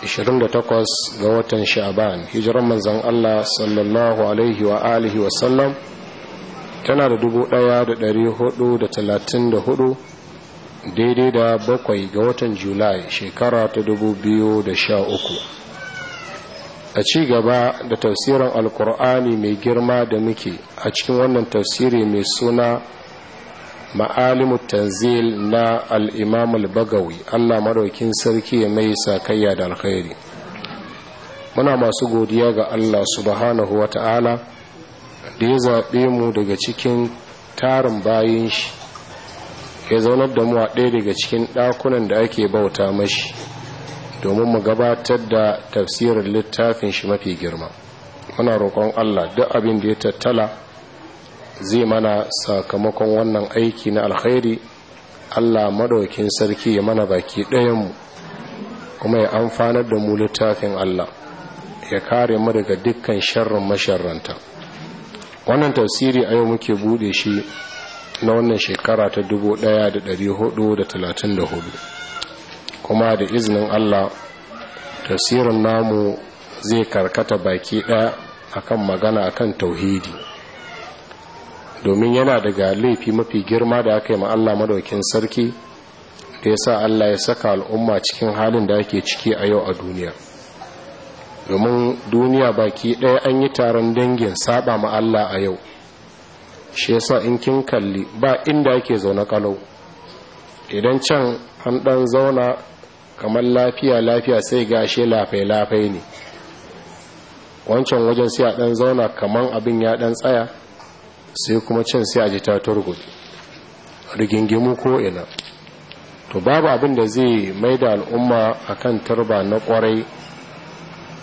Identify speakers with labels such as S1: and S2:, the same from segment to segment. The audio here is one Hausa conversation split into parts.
S1: 28 ga watan sha'aban hijiran manzan Allah sallallahu alaihi wa alihi wa sallam tana da hudu daidai da bakwai ga watan julai shekara ta dubu biyu da sha uku. a ci gaba da tafsirin alkur'ani mai girma da muke a cikin wannan tafsiri mai suna ma'alimu tanzil na al'imam al-bagawi allah maɗaukin sarki ya mai sakayya da alkhairi muna masu godiya ga allah subhanahu wa ta'ala da ya zaɓe mu daga cikin tarin bayan shi ya zaunar da mu a ɗaya daga cikin ɗakunan da ake bauta mashi domin mu gabatar da tafsirin littafin shi mafi girma muna roƙon allah duk abin da ya tattala zai mana sakamakon wannan aiki na alkhairi Allah madaukin sarki ya mana baki ɗayan mu kuma ya amfanar da mu littafin Allah ya kare mu daga dukkan sharrin masharranta wannan tafsiri a yau muke buɗe shi na wannan shekara ta 1434 kuma da izinin Allah tafsirin namu zai karkata baki ɗaya akan magana akan tauhidi domin yana daga laifi mafi girma da aka yi ma Allah madaukin sarki da yasa Allah ya saka al'umma cikin halin da ake ciki a yau a duniya domin duniya baki ɗaya an yi taron dangin saba ma Allah a yau shi yasa in kin kalli ba inda ake zaune kalau idan can an ɗan zauna kamar lafiya lafiya sai shi lafai lafai ne wancan wajen sai ɗan zauna kamar abin ya ɗan tsaya sai kuma can sai a ji ta turgudu rigingimu ko ina to babu abin da zai maida al'umma a akan turba na kwarai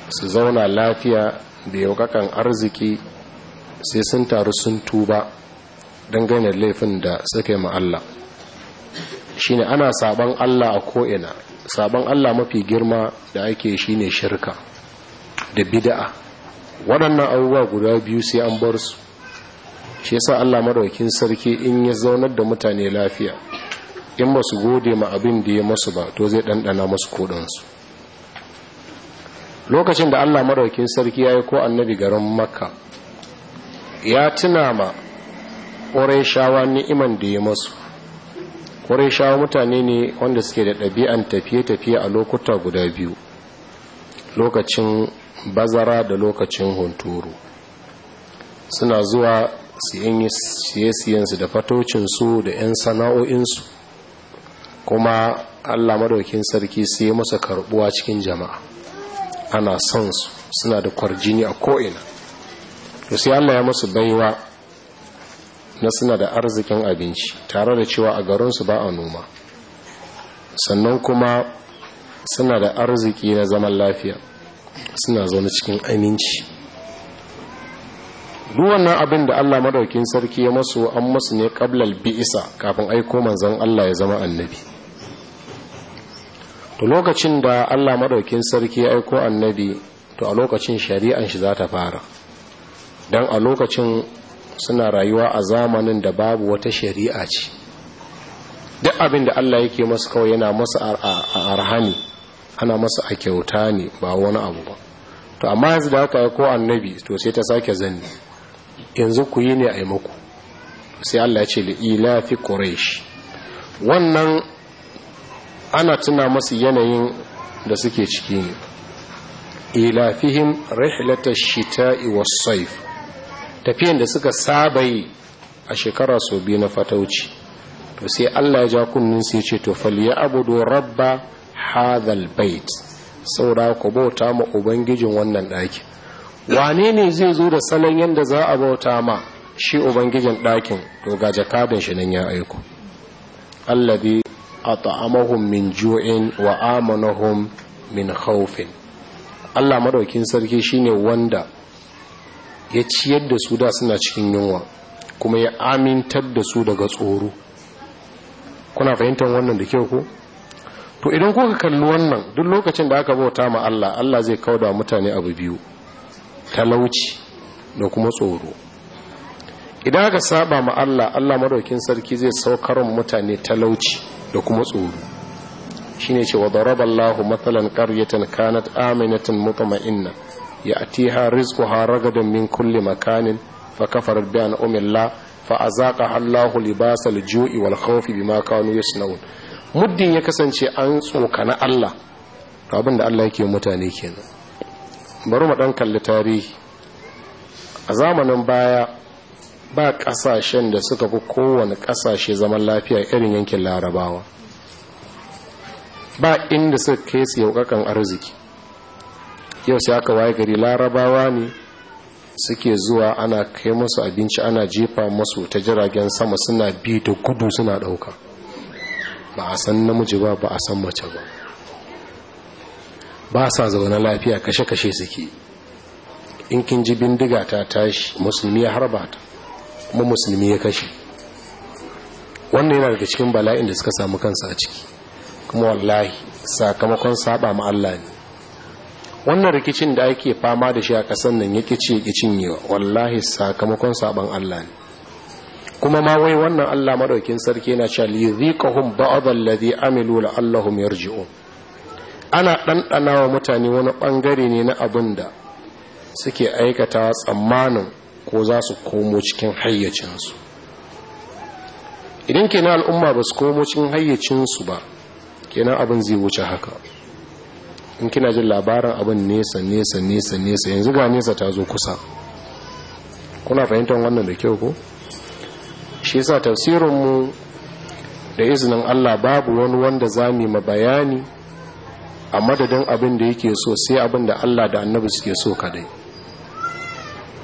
S1: su zauna lafiya da yaukakan arziki sai sun taru sun tuba dangane laifin da suka yi Allah shine ana saban Allah a ko'ina saban Allah mafi girma da ake shine shirka da bida'a waɗannan abubuwa guda biyu sai an bar su shi yasa Allah maraukin sarki in ya zaunar da mutane lafiya in ba su gode ma abin da ya masu ba to zai ɗanɗana masu kodansu lokacin da Allah maraukin sarki ya yi ko annabi garin makka ya tuna ma shawa ni'iman da ya masu shawa mutane ne wanda suke da ɗabi'an tafiye-tafiye a lokuta guda biyu lokacin bazara da lokacin hunturu suna zuwa siye-siyensu da fatocinsu da 'yan sana'o'insu kuma allah madaukin sarki sai masa karbuwa cikin jama'a ana son su suna da kwarjini a ko'ina to sai allah ya masu baiwa na suna da arzikin abinci tare da cewa a garinsu ba a noma sannan kuma suna da arziki na zaman lafiya suna zaune cikin aminci duk wannan abin da Allah madaukin sarki ya masu an masu ne qablal bi'isa kafin aiko manzon Allah ya zama annabi to lokacin da Allah madaukin sarki ya aiko annabi to a lokacin shari'an shi za ta fara Don a lokacin suna rayuwa a zamanin da babu wata shari'a ce duk abin da Allah yake masu kawai yana masu a arhani ana masu a kyauta ne ba wani abu ba to amma yanzu da aka aiko annabi to sai ta sake zanni yanzu ku yi ne a yi muku sai Allah ya ce li'ila fi quraish wannan ana tuna masu yanayin da suke ciki ne ilafihim rihlatash shita'i was saif tafiyan da suka saba yi a shekara sau biyu na fatauci to sai Allah ya ja kunnin sai ce to falyabudu rabba hadhal bait saura ku bauta ma ubangijin wannan ɗakin wane ne zai zo da salon yadda za a bauta ma shi ubangijin ɗakin to ga jakadun shi nan ya aiko allabi a ta'amahun min ju'in wa min haufin allah maɗaukin sarki shine wanda ya ciyar da su da suna cikin yunwa kuma ya amintar da su daga tsoro kuna fahimtar wannan da kyau ko to idan kuka kalli wannan duk lokacin da aka bauta ma allah allah zai kauda mutane abu biyu talauci da kuma tsoro idan aka saba ma Allah Allah madaukin sarki zai saukar mutane talauci da kuma tsoro shine ce wa daraballahu matalan qaryatan kanat aminatan mutma'inna ya'tiha rizquha ragadan min kulli makanin fa kafarat bi an'amillah fa azaqaha Allahu libasal ju'i wal khawfi bima kanu yasnaun muddin ya kasance an tsoka na Allah abinda Allah yake mutane kenan bari mu dan kalli tarihi a zamanin baya ba kasashen da suka fi kowane kasashe zaman lafiya irin yankin larabawa ba inda suka kai su yaukakan arziki yau sai aka waye gari larabawa ne suke zuwa ana kai musu abinci ana jefa musu ta jiragen sama suna bi da gudu suna dauka ba a san namiji ba ba a san mace ba ba sa zaune lafiya kashe-kashe suke in kin ji bindiga ta tashi musulmi ya harba ta kuma musulmi ya kashe wannan yana daga cikin bala'in da suka samu kansa a ciki kuma wallahi sakamakon saba ma Allah ne wannan rikicin da ake fama da shi a ƙasar nan ya kici ya kicin yi wallahi sakamakon saban Allah ne kuma ma wai wannan Allah madaukin sarki yana cewa li yuziqahum ba'd amilu la'allahum yarji'un ana ɗanɗana wa mutane wani ɓangare ne na abin da suke aikata tsammanin ko za su komo cikin hayyacinsu idan kenan al'umma ba su komo cikin hayyacinsu ba kenan abin zai wuce haka in kina jin labarin abin nesa nesa nesa nesa yanzu ga nesa ta zo kusa kuna fahimtar wannan da kyau ko shi sa tafsirinmu da izinin Allah babu wani wanda za mu yi bayani a madadin abin da yake so sai abin da Allah da annabi suke so kadai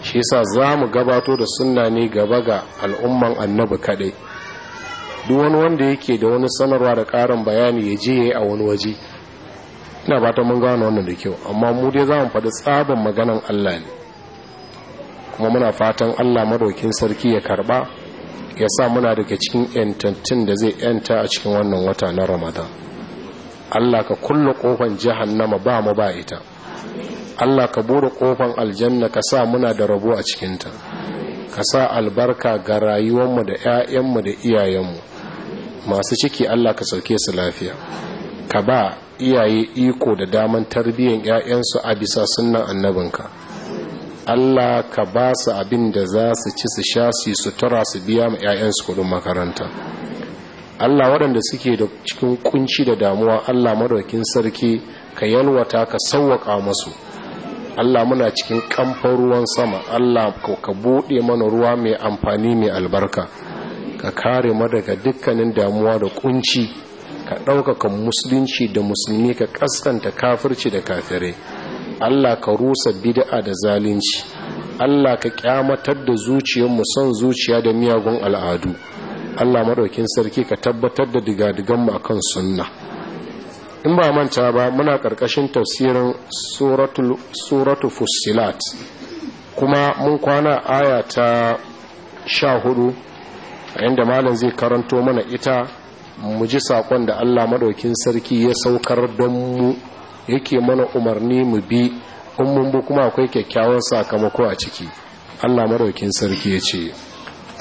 S1: shi yasa za mu gabato da sunna ne gaba ga al'umman annabi kadai duk wani wanda yake da wani sanarwa da ƙarin bayani ya je a wani waje ina ba mun gane wannan da kyau amma mu dai za mu faɗi tsabin maganan Allah ne kuma muna fatan Allah madaukin sarki ya karba ya sa muna daga cikin yantattun da zai yanta a cikin wannan wata na Ramadan Allah ka kulle kofan jahannama ba mu ba ita Allah ka bude kofan aljanna ka sa muna da rabo a cikinta ka sa albarka ga mu da 'ya'yanmu da iyayenmu masu ciki Allah ka sauke su lafiya ka ba iyaye iko da daman tarbiyyar 'ya'yansu a bisa sunan annabinka Allah ka ba su abin da za su ci su sha su sutura su biya ma 'ya'yansu kudin makaranta Allah waɗanda suke da cikin kunci da damuwa Allah madaukin sarki ka yalwata ka sauwaka musu. Allah muna cikin kamfan ruwan sama Allah ka buɗe mana ruwa mai amfani mai albarka ka kare mu daga dukkanin damuwa da kunci ka ɗaukaka musulunci da musulmi ka ƙaskanta kafirci da kafirai Allah ka rusa bida'a da zalunci Allah ka ƙyamatar da zuciyarmu son zuciya da miyagun al'adu Allah maɗaukin sarki ka tabbatar da digadigan mu akan sunna in ba manta ba muna ƙarƙashin tafsirin suratu fussilat kuma mun kwana aya ta sha hudu a inda malam zai karanto mana ita mu ji saƙon da Allah maɗaukin sarki ya saukar don mu yake mana umarni mu bi in mun bi kuma akwai kyakkyawan sakamako a ciki Allah maɗaukin sarki ya ce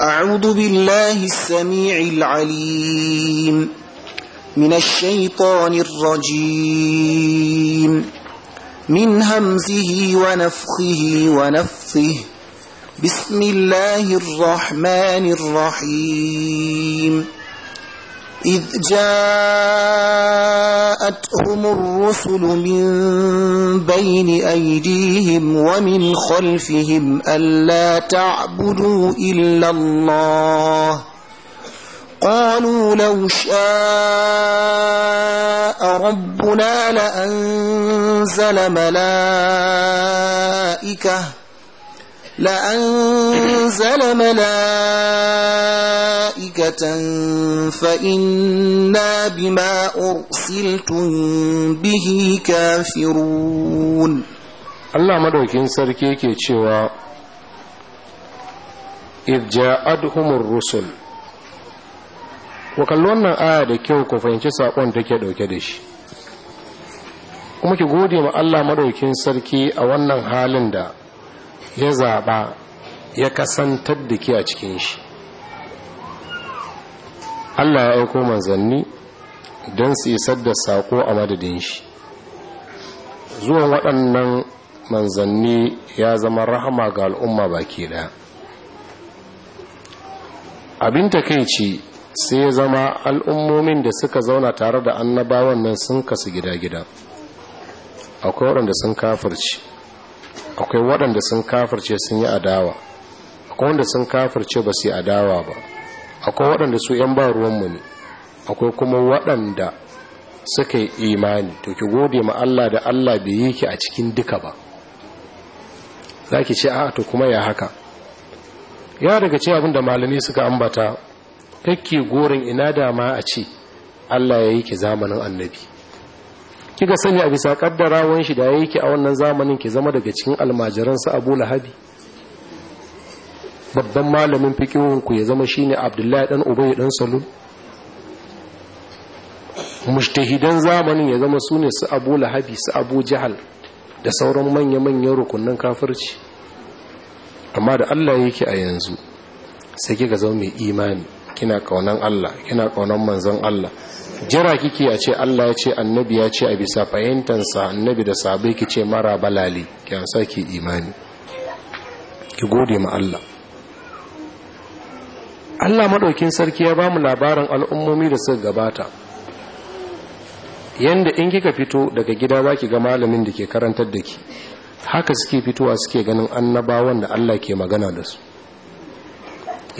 S2: أعوذ بالله السميع العليم من الشيطان الرجيم من همزه ونفخه ونفثه بسم الله الرحمن الرحيم إذ جاءتهم الرسل من بين أيديهم ومن خلفهم ألا تعبدوا إلا الله قالوا لو شاء ربنا لأنزل ملائكه لأنزل ملائكة فإنا بما أرسلتم به كافرون الله مدوكين إنسر كيكي تشوى
S1: إذ جاءتهم الرسل وكلونا آية كيو كفين تسا أون تكيدو كدش kuma ki gode ma Allah madaukin sarki a wannan halin da ya zaɓa ya kasantar da ke a cikin shi Allah ya aiko manzanni don su isar da saƙo a madadin shi zuwan waɗannan manzanni ya zama rahama ga al'umma baki ɗaya abin ta takaici sai ya zama al'ummomin da suka zauna tare da annabawan nan sun kasu gida-gida akwai waɗanda sun kafirci akwai waɗanda sun kafirce sun yi adawa akwai wanda sun kafirce ba su yi adawa ba akwai waɗanda su 'yan ba ruwanmu ne akwai kuma waɗanda suka yi imani to ki gode ma Allah da Allah bai yi ki a cikin duka ba za ki ce a to kuma ya haka ya daga ce abin da malami suka ambata kakki gorin ina dama a ce Allah ya yi ki zamanin annabi kika sani a bisa wani shi da yake a wannan zamanin ke zama daga cikin almajiran su Abu Lahabi babban malamin fiqihun ku ya zama shine Abdullahi dan Ubay dan Salul mujtahidan zamanin ya zama sune su Abu Lahabi su Abu Jahal da sauran manya-manyan rukunin kafirci amma da Allah yake a yanzu sai kika zama mai imani kina kaunan Allah kina kaunan manzon Allah jira kike a ce Allah ya ce annabi ya ce a bisa fahimtansa annabi da sabai ki ce mara balali ki an sake imani ki gode ma Allah Allah maɗaukin sarki ya bamu mu labarin al'ummomi da suka gabata yanda in kika fito daga gida za ki ga malamin da ke karantar da ki haka suke fitowa suke ganin annabawan da Allah ke magana da su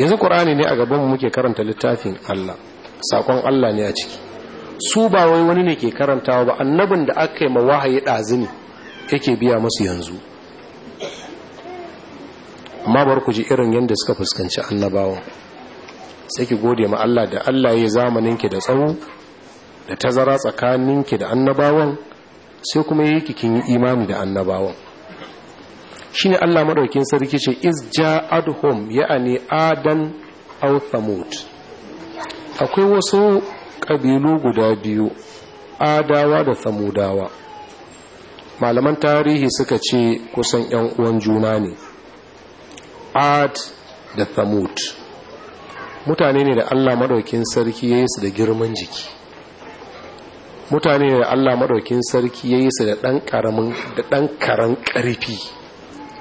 S1: yanzu ƙur'ani ne a gabanmu muke karanta littafin Allah sakon Allah ne a ciki su ba wai wani ne ke karantawa ba annabin da aka yi ma wahayi ne yake biya masu yanzu amma bar ku ji irin yadda suka fuskanci annabawa sai ki gode ma Allah da Allah ya zamanin zamaninki da tsawo da tazara tsakaninki da annabawan sai kuma yi kin yi imami da annabawan shine Allah madaukin sarki ce is home ya'ani adan aw thamud akwai wasu ƙabilu guda biyu adawa da samudawa malaman tarihi suka ce kusan 'yan uwan juna ne ad da thamud mutane ne da allah maɗaukin sarki ya yi su da girman jiki mutane ne da allah maɗaukin sarki ya yi su da ɗan karan ƙarfi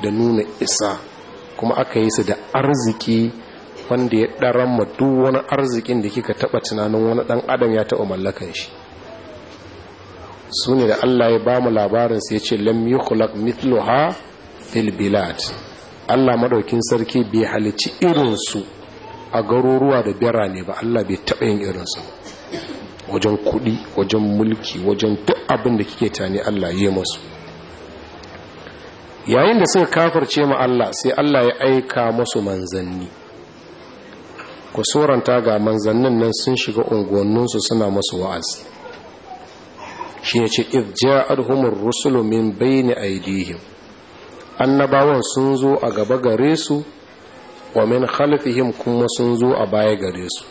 S1: da nuna isa kuma aka yi su da arziki wanda ya ɗaran ma duk wani arzikin da kika taɓa tunanin wani ɗan adam ya taɓa mallakan shi su ne da Allah ya ba mu su ya ce lam yi kulak mitluha fil bilad Allah maɗaukin sarki bai halici irinsu a garuruwa da birane ba Allah bai taɓa yin irinsu wajen kuɗi wajen mulki wajen duk abin da kike tani Allah ya masu yayin da suka kafarce ma Allah sai Allah ya aika masu manzanni ku soranta ga manzannin nan sun shiga unguwanninsu suna masu wa'azi shi ya ce irja'adhumur rusulu min bayni aydihim annabawan sun zo a gaba gare su wa min khalfihim kuma sun zo a baya gare su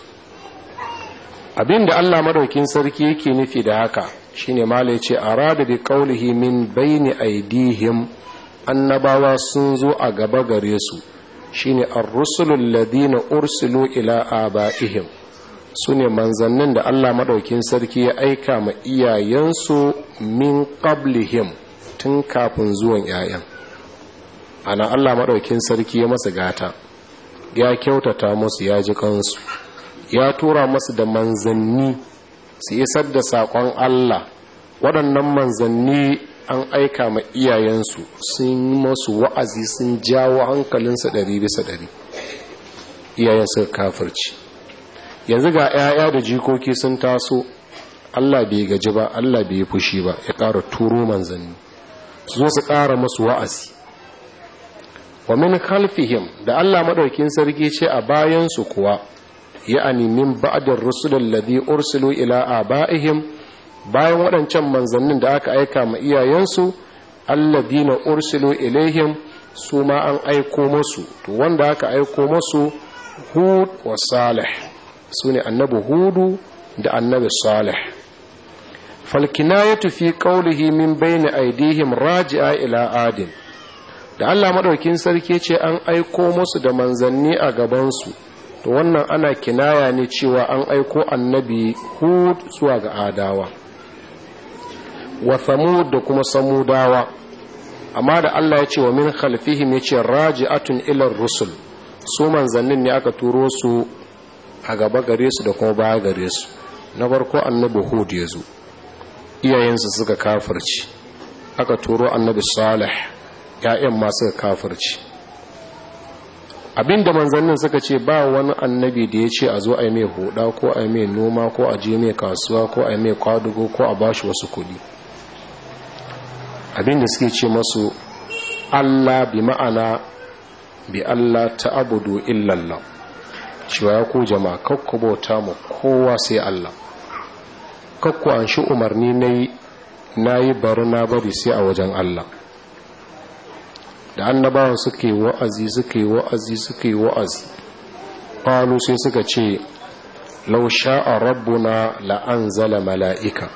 S1: Abin da Allah madaukin sarki yake nufi da haka shine mala yace arada bi qawlihi min bayni aydihim annabawa sun zo a gaba gare su shine ar-rusulul ladina ursulu ila abaihim ne manzannin da Allah maɗaukin sarki ya aika ma iyayensu min qablihim tun kafin zuwan yayan ana Allah maɗaukin sarki ya masa gata ya kyautata musu ya ji kansu ya tura masu da manzanni su isar da saƙon Allah waɗannan manzanni an aika ma iyayensu sun yi masu wa'azi sun jawo hankalinsa ɗari bisa ɗari iyayen suka kafirci yanzu ga 'ya'ya da jikoki sun taso allah bai gaji ba allah bai fushi ba ya ƙara turo manzanni su zo su ƙara masu wa'azi wa min khalfihim da allah maɗaukin sarki ce a bayansu kuwa ya animin ba'adar rusulun labi ursilu ila ba'ihim bayan waɗancan manzannin da aka aika ma iyayensu alladina ursilu ilaihim su ma an aiko masu to wanda aka aiko musu hud wa salih su ne annabi hudu da annabi salih falkinayatu fi kaulihi min bayni aidihim raji'a ila adin da Allah madaukin sarki ce an aiko musu da manzanni a gabansu to wannan ana kinaya ne cewa an aiko annabi hud zuwa ga adawa wa samud da kuma samudawa amma da Allah ya ce wa min khalfihim yace ce raji'atun ilar rusul su manzannin ne aka turo su a gaba gare su da kuma baya gare su na farko annabi hud ya zo iyayensu suka kafirci aka turo annabi salih ya'yan ma suka kafirci abinda manzannin suka ce ba wani annabi da ya ce a zo a yi mai huda ko a yi mai noma ko a je mai kasuwa ko a yi mai kwadugo ko a bashi wasu kuɗi. abinda suke ce masu Allah bi ma'ana bi Allah ta abudu illallah cewa ya ku jama kakku bauta mu kowa sai Allah kakku an shi umarni na yi bari na bari sai a wajen Allah da annabawa suke wa'azi suke wa'azi suke wa'azi Falu sai suka ce lausha a rabbuna la'an zala mala'ika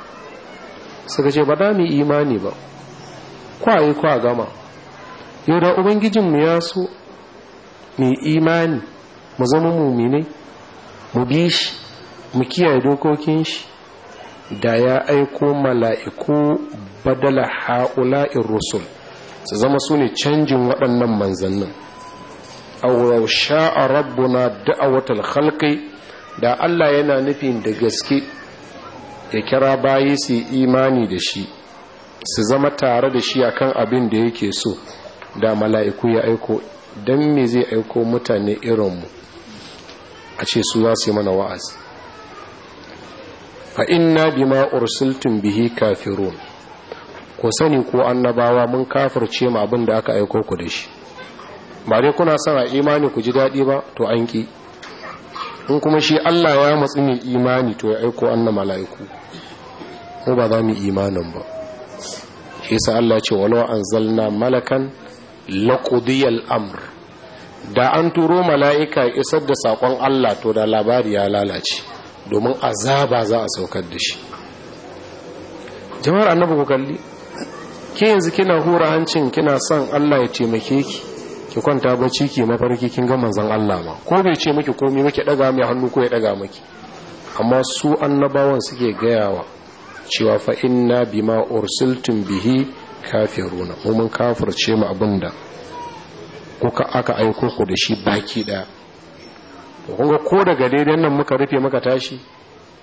S1: suka ce ba da mu imani ba kwaye kwa gama yau da ubangijinmu ya so mai imani mu zama muminai mu bi shi mu kiyaye dokokin shi da ya aiko mala'iku badala ha'ula'in rusul su zama su ne canjin waɗannan manzannin aulau sha'a rabbuna da'awatal halkai da Allah yana nufin da gaske ya kira bayi su imani da shi su zama tare da shi akan abin da yake so da mala'iku ya aiko don me zai aiko mutane irinmu a ce su za su yi mana wa'azi fa inna bima ursiltum bihi kafirun ko sani ko annabawa mun kafirce mu abin da aka aiko ku da shi ba dai kuna son a imani ku ji daɗi ba to an ki in kuma shi Allah ya matsi mai imani to ya aiko annabawa mala'iku ko ba za mu imanin ba shi sa Allah ce walau zalna malakan laƙudiyar amr da an turo mala'ika isar da sakon Allah to da labari ya lalace domin azaba za a saukar da shi jama'ar annabi ku kalli ke yanzu kina hura hancin kina son Allah ya taimake ki ki kwanta bacci ki mafarki kin ga manzon Allah ma ko bai ce miki komai miki daga mai hannu ko ya daga maki amma su annabawan suke gayawa cewa fa inna bima ursiltum bihi kafiruna mu mun kafirce mu abinda kuka aka aiko ku da shi baki da to kun ga ko daga daidai nan muka rufe muka tashi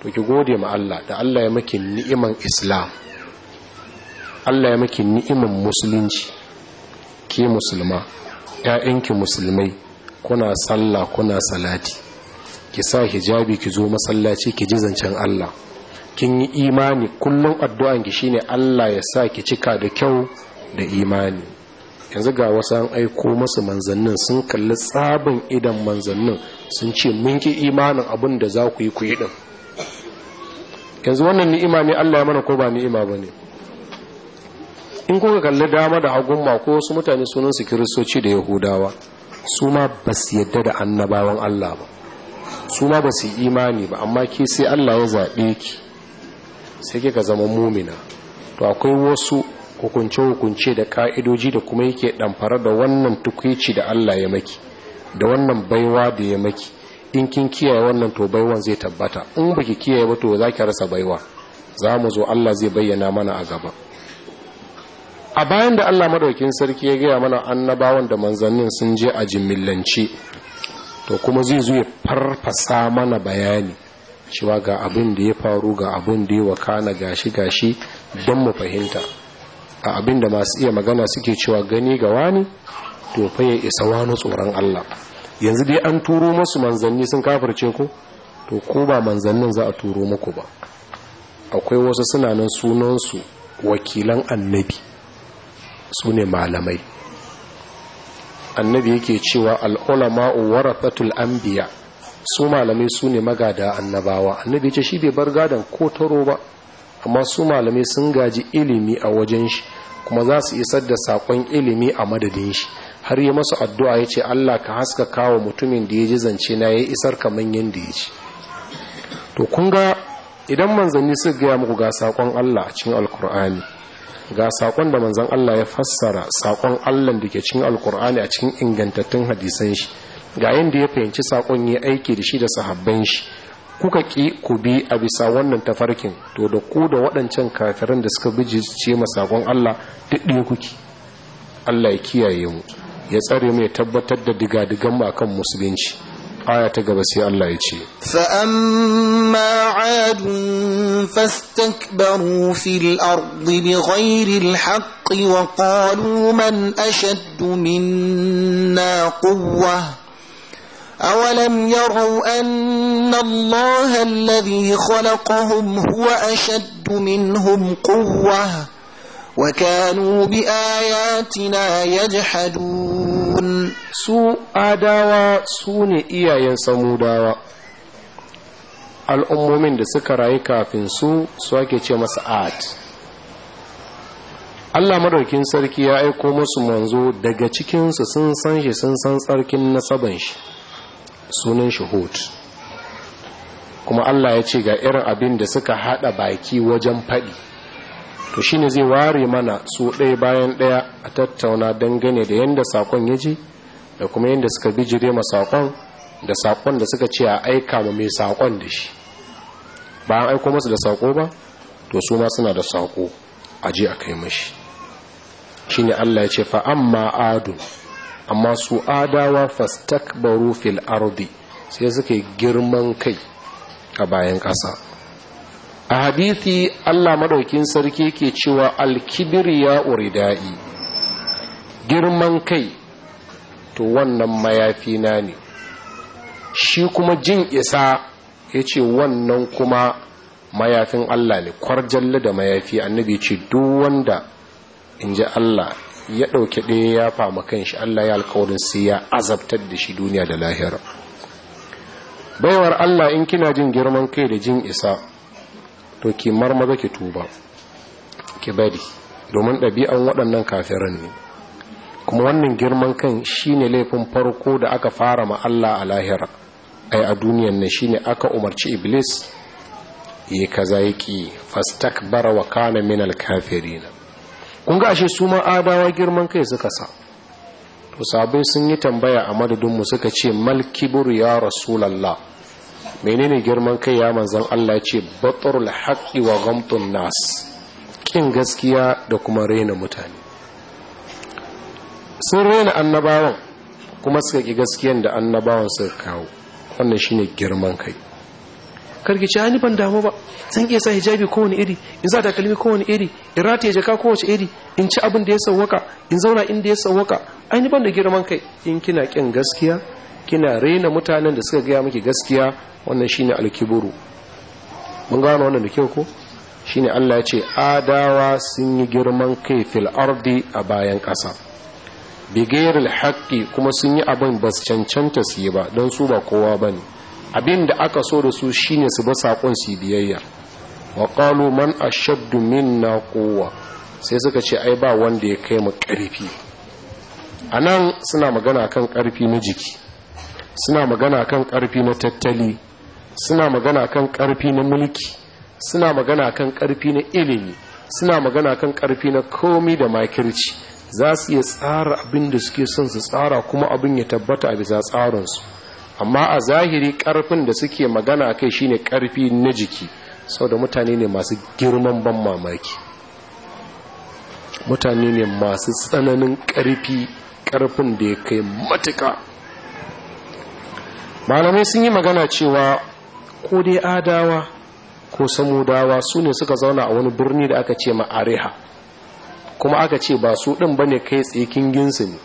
S1: to ki gode ma Allah da Allah ya miki ni'iman Islam Allah ya miki ni'iman musulunci ke musulma ƴaƴanki musulmai kuna sallah kuna salati ki sa hijabi ki zo masallaci ki ji zancen Allah kin yi imani kullum addu'an ki shine Allah ya sa ki cika da kyau da imani yanzu ga wasu an aiko masu manzannin sun kalli tsabin idan manzannin sun ce mun ki imanin abin da za ku yi ku yi din yanzu wannan ni'ima ne Allah ya mana ko ba ni'ima ne? in kuka kalli dama da hagun ma ko wasu mutane sunan su kiristoci da yahudawa su ma ba su yadda da annabawan Allah ba su ma ba su imani ba amma ke sai Allah ya zaɓe ki sai ke ka zama mumina to akwai wasu hukunce-hukunce da ka'idoji da kuma yake ɗamfara da wannan tukwici da Allah ya maki da wannan baiwa da ya maki in kin kiyaye wannan to baiwan zai tabbata in ba ki kiyaye ba to za ki rasa baiwa za mu zo Allah zai bayyana mana a gaba a bayan da Allah madaukin sarki ya gaya mana annabawan da manzannin sun je a jimillance to kuma zai zo ya farfasa mana bayani cewa ga abin da ya faru ga abin da ya wakana gashi gashi don mu fahimta a abin da masu iya magana suke cewa gani ga wani to fa isa wani tsoron Allah yanzu dai an turo masu manzanni sun kafirce ku to ko ba manzannin za a turo muku ba akwai wasu suna sunansu wakilan annabi su ne malamai annabi yake cewa al'ulama'u warafatul anbiya su malamai su ne magada annabawa annabi ce shi bai bar gadon ko taro ba amma su malamai sun gaji ilimi a wajen shi kuma za su isar da sakon ilimi a madadin shi har yi masu addu'a ya ce Allah ka haska kawo mutumin da ya ji zance na ya isar ka manyan da ya ci to kun ga idan manzanni su gaya muku ga sakon Allah a cikin alkur'ani ga sakon da manzan Allah ya fassara sakon Allah da ke cikin alkur'ani a cikin ingantattun hadisan shi ga yadda ya fahimci sakon ya aiki da shi da sahabban shi kuka ƙi ku bi a bisa wannan tafarkin to da ku da waɗancan kafirin da suka bijice ma sakon Allah duk ɗaya kuki Allah ya kiyaye mu ya tsare mu ya tabbatar da digadigan mu akan musulunci aya ta gaba sai Allah ya ce
S2: amma 'adun fastakbaru fil ardi ghairi al haqq wa qalu man ashaddu minna quwwah أولم يروا أن الله الذي خلقهم هو أشد منهم قوة وكانوا بآياتنا يجحدون سوء أداوى سوني إيا
S1: ينسمو داوى al'ummomin da suka rayu kafin su su ake ce masa ad Allah madaukin sarki ya aiko musu manzo daga cikinsu sun san shi sun san tsarkin nasaban shi sunan shi kuma Allah ya ce ga irin abin da suka hada baki wajen faɗi to shine zai ware mana su ɗaya bayan ɗaya a tattauna dangane da yadda sakon ya je da kuma yadda suka bijire ma sakon da sakon da suka ce a aika ma mai sakon da shi ba an aiko masu da sako ba to su ma suna da sako a je a kai mashi shine Allah ya ce fa amma adun amma su adawa fastakbaru fil ardi sai suka yi girman kai a bayan ƙasa a hadithi allah maɗaukin sarki ke cewa ya uri uridai girman kai to wannan mayafi na ne shi kuma jin isa ya ce wannan kuma mayafin allah ne kwarjalla da mayafi annabi ce duk wanda in ji allah ya ɗauke ɗaya ya fama kan shi Allah ya alkawarin sai ya azabtar da shi duniya da lahira baiwar Allah in kina jin girman kai da jin isa to ki marmaza ki tuba ki bari domin ɗabi'an waɗannan kafiran ne kuma wannan girman kan shine laifin farko da aka fara ma Allah a lahira ai a duniyan nan shine aka umarci iblis yi kaza fastak fastakbara wa kana minal kafirina kun ga ashe su ma adawa girman kai suka sa to sabai sun yi tambaya a madadinmu suka ce malkibur ya rasulallah menene girman kai ya manzan Allah ce batarul haqqi wa ghamtun nas kin gaskiya da kuma raina mutane sun raina annabawan kuma suka ki gaskiyan da annabawan suka kawo wannan shine girman kai karki ci ani ban damu ba sun iya sa hijabi kowane iri in za sa takalmi kowane iri in rata rataye jaka kowace iri in ci abin da ya sawwaka in zauna inda ya sawwaka ai ban da girman kai in kina kin gaskiya kina raina mutanen da suka gaya miki gaskiya wannan shine alkiburu mun gano wannan da kyau ko shine Allah ya ce adawa sun yi girman kai fil ardi a bayan ƙasa bigayar hakki kuma sun yi abin bas cancanta su yi ba don su ba kowa bane abin da aka so da su shine su ba sakon su biyayya wa qalu man ashaddu minna quwwa sai suka ce ai ba wanda ya kai mu karfi anan suna magana kan karfi na jiki suna magana kan ƙarfi na tattali suna magana kan karfi na mulki suna magana kan ƙarfi na ilimi suna magana kan karfi na komi da makirci za su iya tsara abin da suke son su tsara kuma abin ya tabbata a bisa tsaronsu. amma a zahiri karfin da suke magana a kai shine karfi na jiki sau da mutane ne masu girman ban mamaki mutane ne masu tsananin karfi karfin da ya kai matuka malamai sun yi magana cewa ko dai adawa ko samudawa su ne suka zauna a wani birni da aka ce ma'ariha kuma aka ce ba su ɗin ba ne kai tsekin ginsu ne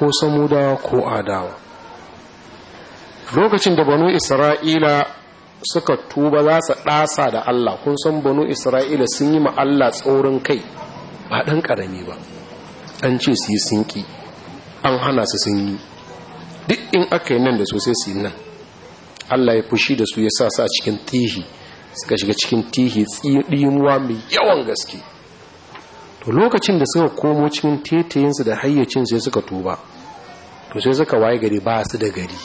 S1: ko samuda ko adawa lokacin da banu isra'ila suka tuba za su ɗasa da allah kun san banu isra'ila sun yi ma allah tsaurin kai ba ɗan ƙarami ba an ce su yi sinki, an hana su sun yi duk in aka yi nan da sosai su yi nan allah ya fushi da su ya sa sa cikin tihi suka shiga cikin tihi ɗimuwa mai yawan gaske to lokacin da suka komo cikin tetayensu da hayyacinsu ya suka tuba to sai suka waye gari ba su da gari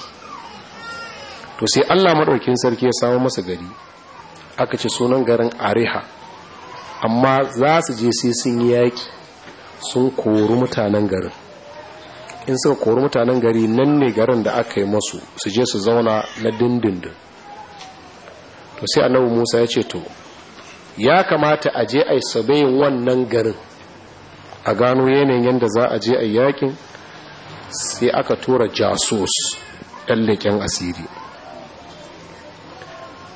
S1: to sai allah maɗaukin sarki ya samu masa gari aka ce sunan garin ariha amma za su je sai sun yi yaƙi sun kori mutanen garin in suka kori mutanen gari nan ne garin da aka yi masu su je su zauna na dindindin to sai annabi musa ya ce to ya kamata a je a yi sabayin wannan garin a gano yanayin yadda za a je a yakin sai aka tura jasus ɗan leƙen asiri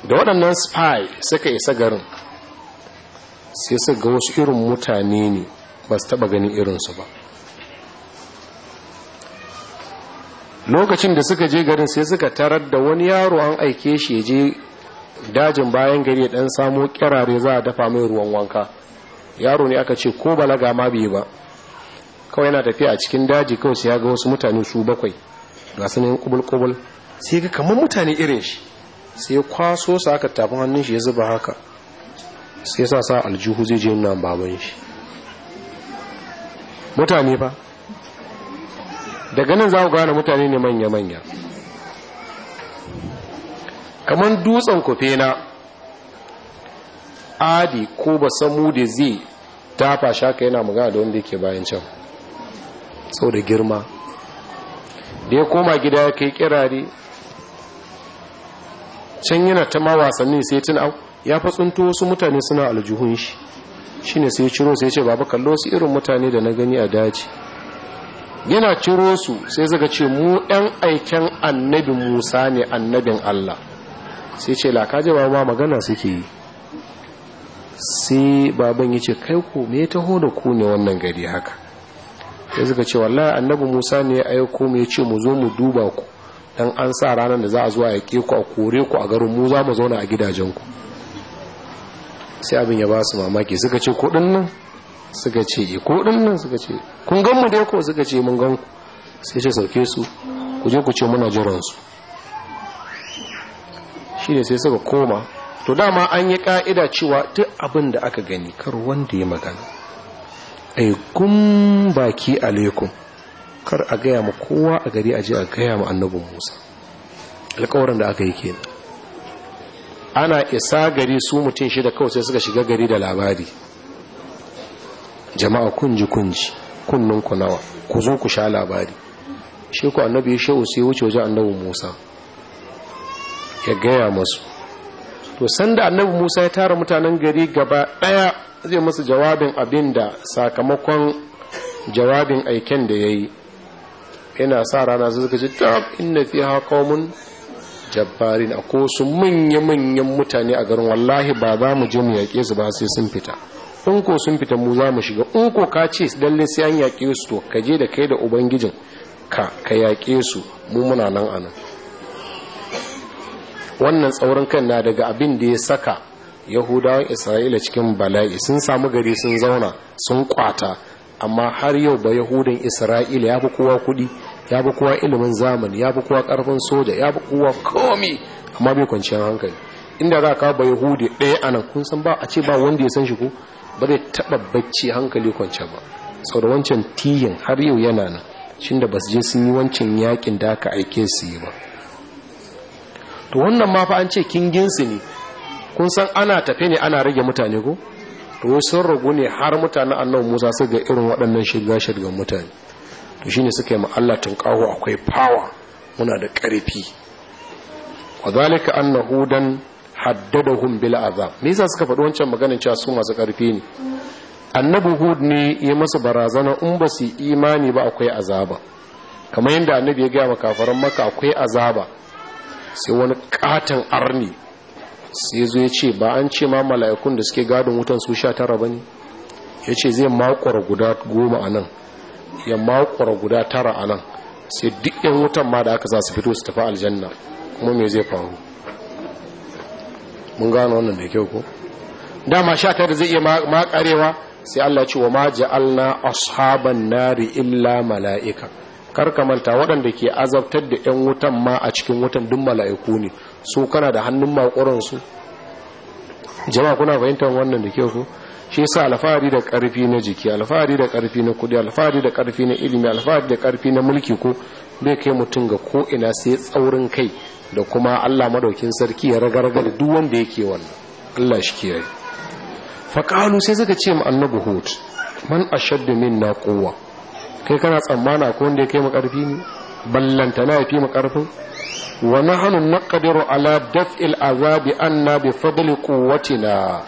S1: da waɗannan spy suka isa garin sai su ga wasu irin mutane ne ba su taɓa ganin irinsu ba lokacin da suka je garin sai suka tarar da wani yaro an aike shi ya je dajin bayan gari ɗan samo kirare za a dafa mai ruwan wanka yaro ne aka ce ko balaga ma bai ba kawai yana tafiya a cikin daji kawai sai ya ga wasu mutane su bakwai ga su ne kubul-kubul sai ga kamar mutane irin shi sai ya kwaso sa aka tafi hannun shi ya zuba haka sai sa sa aljihu zai je nan baban shi mutane fa daga nan za ku gane mutane ne manya-manya kamar dutsen kufe na adi ko ba samu da zai tafa shaka yana magana da wanda yake bayan can sau da girma da ya koma gida ya kai kirare can yana ta ma wasannin sai tun au ya fatsunto wasu mutane suna aljihun shi shi ne sai ciro sai ce baba kallo su irin mutane da na gani a daji yana ciro su sai zaga ce mu 'yan aiken annabi musa ne annabin allah sai ce lakaje ba ma magana suke yi sai baban ya ce kai ko me taho da ku ne wannan gari haka sai suka ce wallahi annabi Musa ne ya aiko mu ya ce mu zo mu duba ku dan an sa ranar da za a zo a ke ku a kore ku a garin mu za mu zauna a gidajen ku sai abin ya ba su mamaki suka ce ko nan suka ce e eh, ko nan suka ce kun gan mu dai ko suka ce mun gan ku sai ce sauke su ku je ku ce muna jiran su shine sai suka koma to dama an yi ka'ida cewa duk abin da aka gani kar wanda ya magana Aikun baki alaikum kar a gaya ma kowa a gari aje a gaya ma annabin Musa alkawarin da aka yi kenan ana isa gari su mutum shida kawai sai suka shiga gari da labari jama'a kunji kunji kunnun ku ku zo ku sha labari shi ku annabi shehu sai wuce wajen annabin Musa ya gaya masu to sanda annabin Musa ya tara mutanen gari gaba daya zai masu jawabin abin da sakamakon jawabin aiken da ya yi yana sa rana su suka ce tab inna fi haƙomin jabbarin ko kosu manya-manyan mutane a garin wallahi ba za mu je mu yaƙe su ba sai sun fita in ko sun fita mu za mu shiga in ko ka ce dalle sai an yaƙe su to ka je da kai da ubangijin ka ka yaƙe su mu muna nan nan. wannan tsaurin kan na daga abin da ya saka yahudawan isra'ila cikin bala'i sun samu gari sun zauna sun kwata amma har yau ba yahudan isra'ila ya fi kowa kudi ya fi kowa ilimin zamani ya fi kowa karfin soja ya fi kowa komi amma bai kwanciyar hankali inda za ka ba yahudi ɗaya a nan kun san ba a ce ba wanda ya san shi ko ba zai taɓa bacci hankali kwanciya ba sau da wancan tiyin har yau yana nan shi da basu je sun yi wancan yakin da aka aike su yi ba to wannan ma fa an ce kinginsu ne kun san ana tafe ne ana rage mutane ko to sun ragu ne har mutanen annabi Musa su ga irin waɗannan shiga shirgan mutane to shine suka yi ma Allah tunƙaho akwai power muna da ƙarfi wadhalika annahu dan haddadahum bil azab me yasa suka faɗi wancan maganin cewa su masu ƙarfi ne annabi hud ne ya masa barazana in ba su imani ba akwai azaba kamar yadda annabi ya gaya makafaran maka akwai azaba sai wani katon arni sai zo ya ce ba an ce ma mala'ikun da suke gadon wutan su sha tara ba ne ya ce zai makwara guda goma a nan ya makwara guda tara a nan sai duk yan wutan ma da aka za su fito su tafi aljanna kuma me zai faru mun gano wannan da kyau ko dama sha tara zai iya makarewa sai Allah ce wa ma ja'alna ashaban nari illa mala'ika kar ka manta waɗanda ke azabtar da yan wutan ma a cikin wutan duk mala'iku ne su kana da hannun makoransu jama'a kuna fahimtar wannan da kyau ku shi sa alfahari da karfi na jiki alfahari da karfi na kudi alfahari da karfi na ilimi alfahari da karfi na mulki ko bai kai mutum ga ko ina sai tsaurin kai da kuma Allah madaukin sarki ya ragargar duk wanda yake wannan Allah shi Fa faqalu sai suka ce mu annabi hut. man ashaddu minna quwwa kai kana tsammana ko wanda yake mu karfi ne ballanta na yafi mu karfin ونحن نقدر على ala daf'il azabi بفضل قوتنا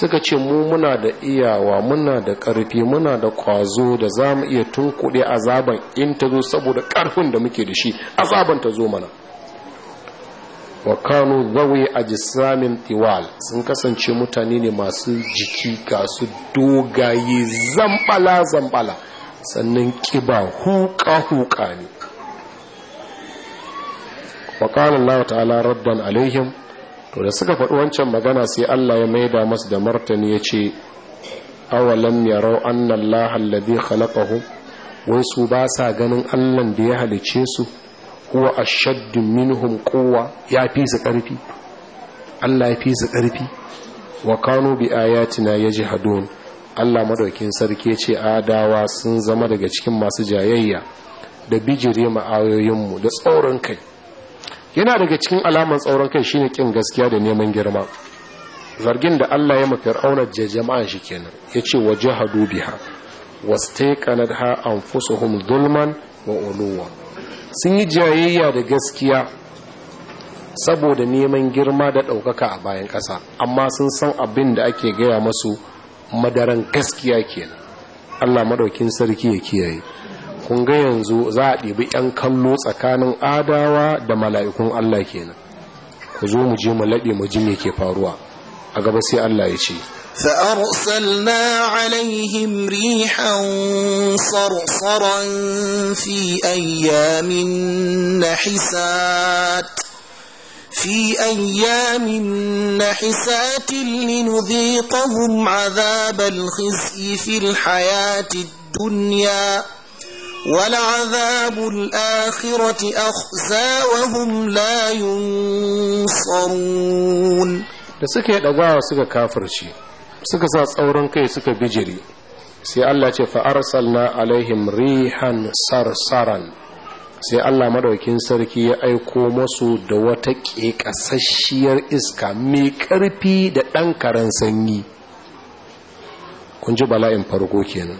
S1: suka ce mu muna da iyawa muna da ƙarfi muna da kwazo da za mu iya tunkuɗe azaban in ta zo saboda ƙarfin da muke da shi azaban ta zo mana wa kanu zawi a jisamin tiwal sun kasance mutane ne masu jiki gasu dogaye zambala zambala sannan ƙiba huka huka ne wa الله Allah ta'ala raddan alaihim to da suka faɗi wancan magana sai Allah ya maida masu da martani ya ce awalam rau anna Allah alladhi khalaqahum wai su ba sa ganin Allahn da ya halice su kuwa a shaddin minhum kowa. ya fi su ƙarfi Allah ya fi su ƙarfi wa kano bi ayatina hadon Allah madaukin sarki ce adawa sun zama daga cikin masu jayayya da bijire ma'ayoyinmu da tsoron kai yana daga cikin alamar tsauran kai shine kin gaskiya da neman girma zargin da Allah ya mafi fir'auna da jama'an shi kenan yace wajhadu biha wastaqanatha anfusuhum zulman wa uluwa sun yi jayayya da gaskiya saboda neman girma da ɗaukaka a bayan ƙasa amma sun san abin da ake gaya masu madaran gaskiya kenan Allah madaukin sarki ya kiyaye kun ga yanzu za a ɗibi 'yan kallo tsakanin adawa da mala'ikun Allah kenan ku zo mu je mu laɗe mu ji me ke faruwa a gaba sai Allah ya ce
S2: فأرسلنا عليهم ريحا صرصرا في أيام نحسات في أيام نحسات لنذيقهم عذاب الخزي في الحياة الدنيا ولعذاب الآخرة أخزى وهم لا ينصرون da
S1: suka yi ɗagawa suka kafirci suka sa tsauran kai suka bijiri sai Allah ce fa'arsalna alaihim rihan sarsaran sai Allah maɗaukin sarki ya aiko masu da wata ƙeƙasasshiyar iska mai ƙarfi da ɗan karen sanyi kun ji bala'in farko kenan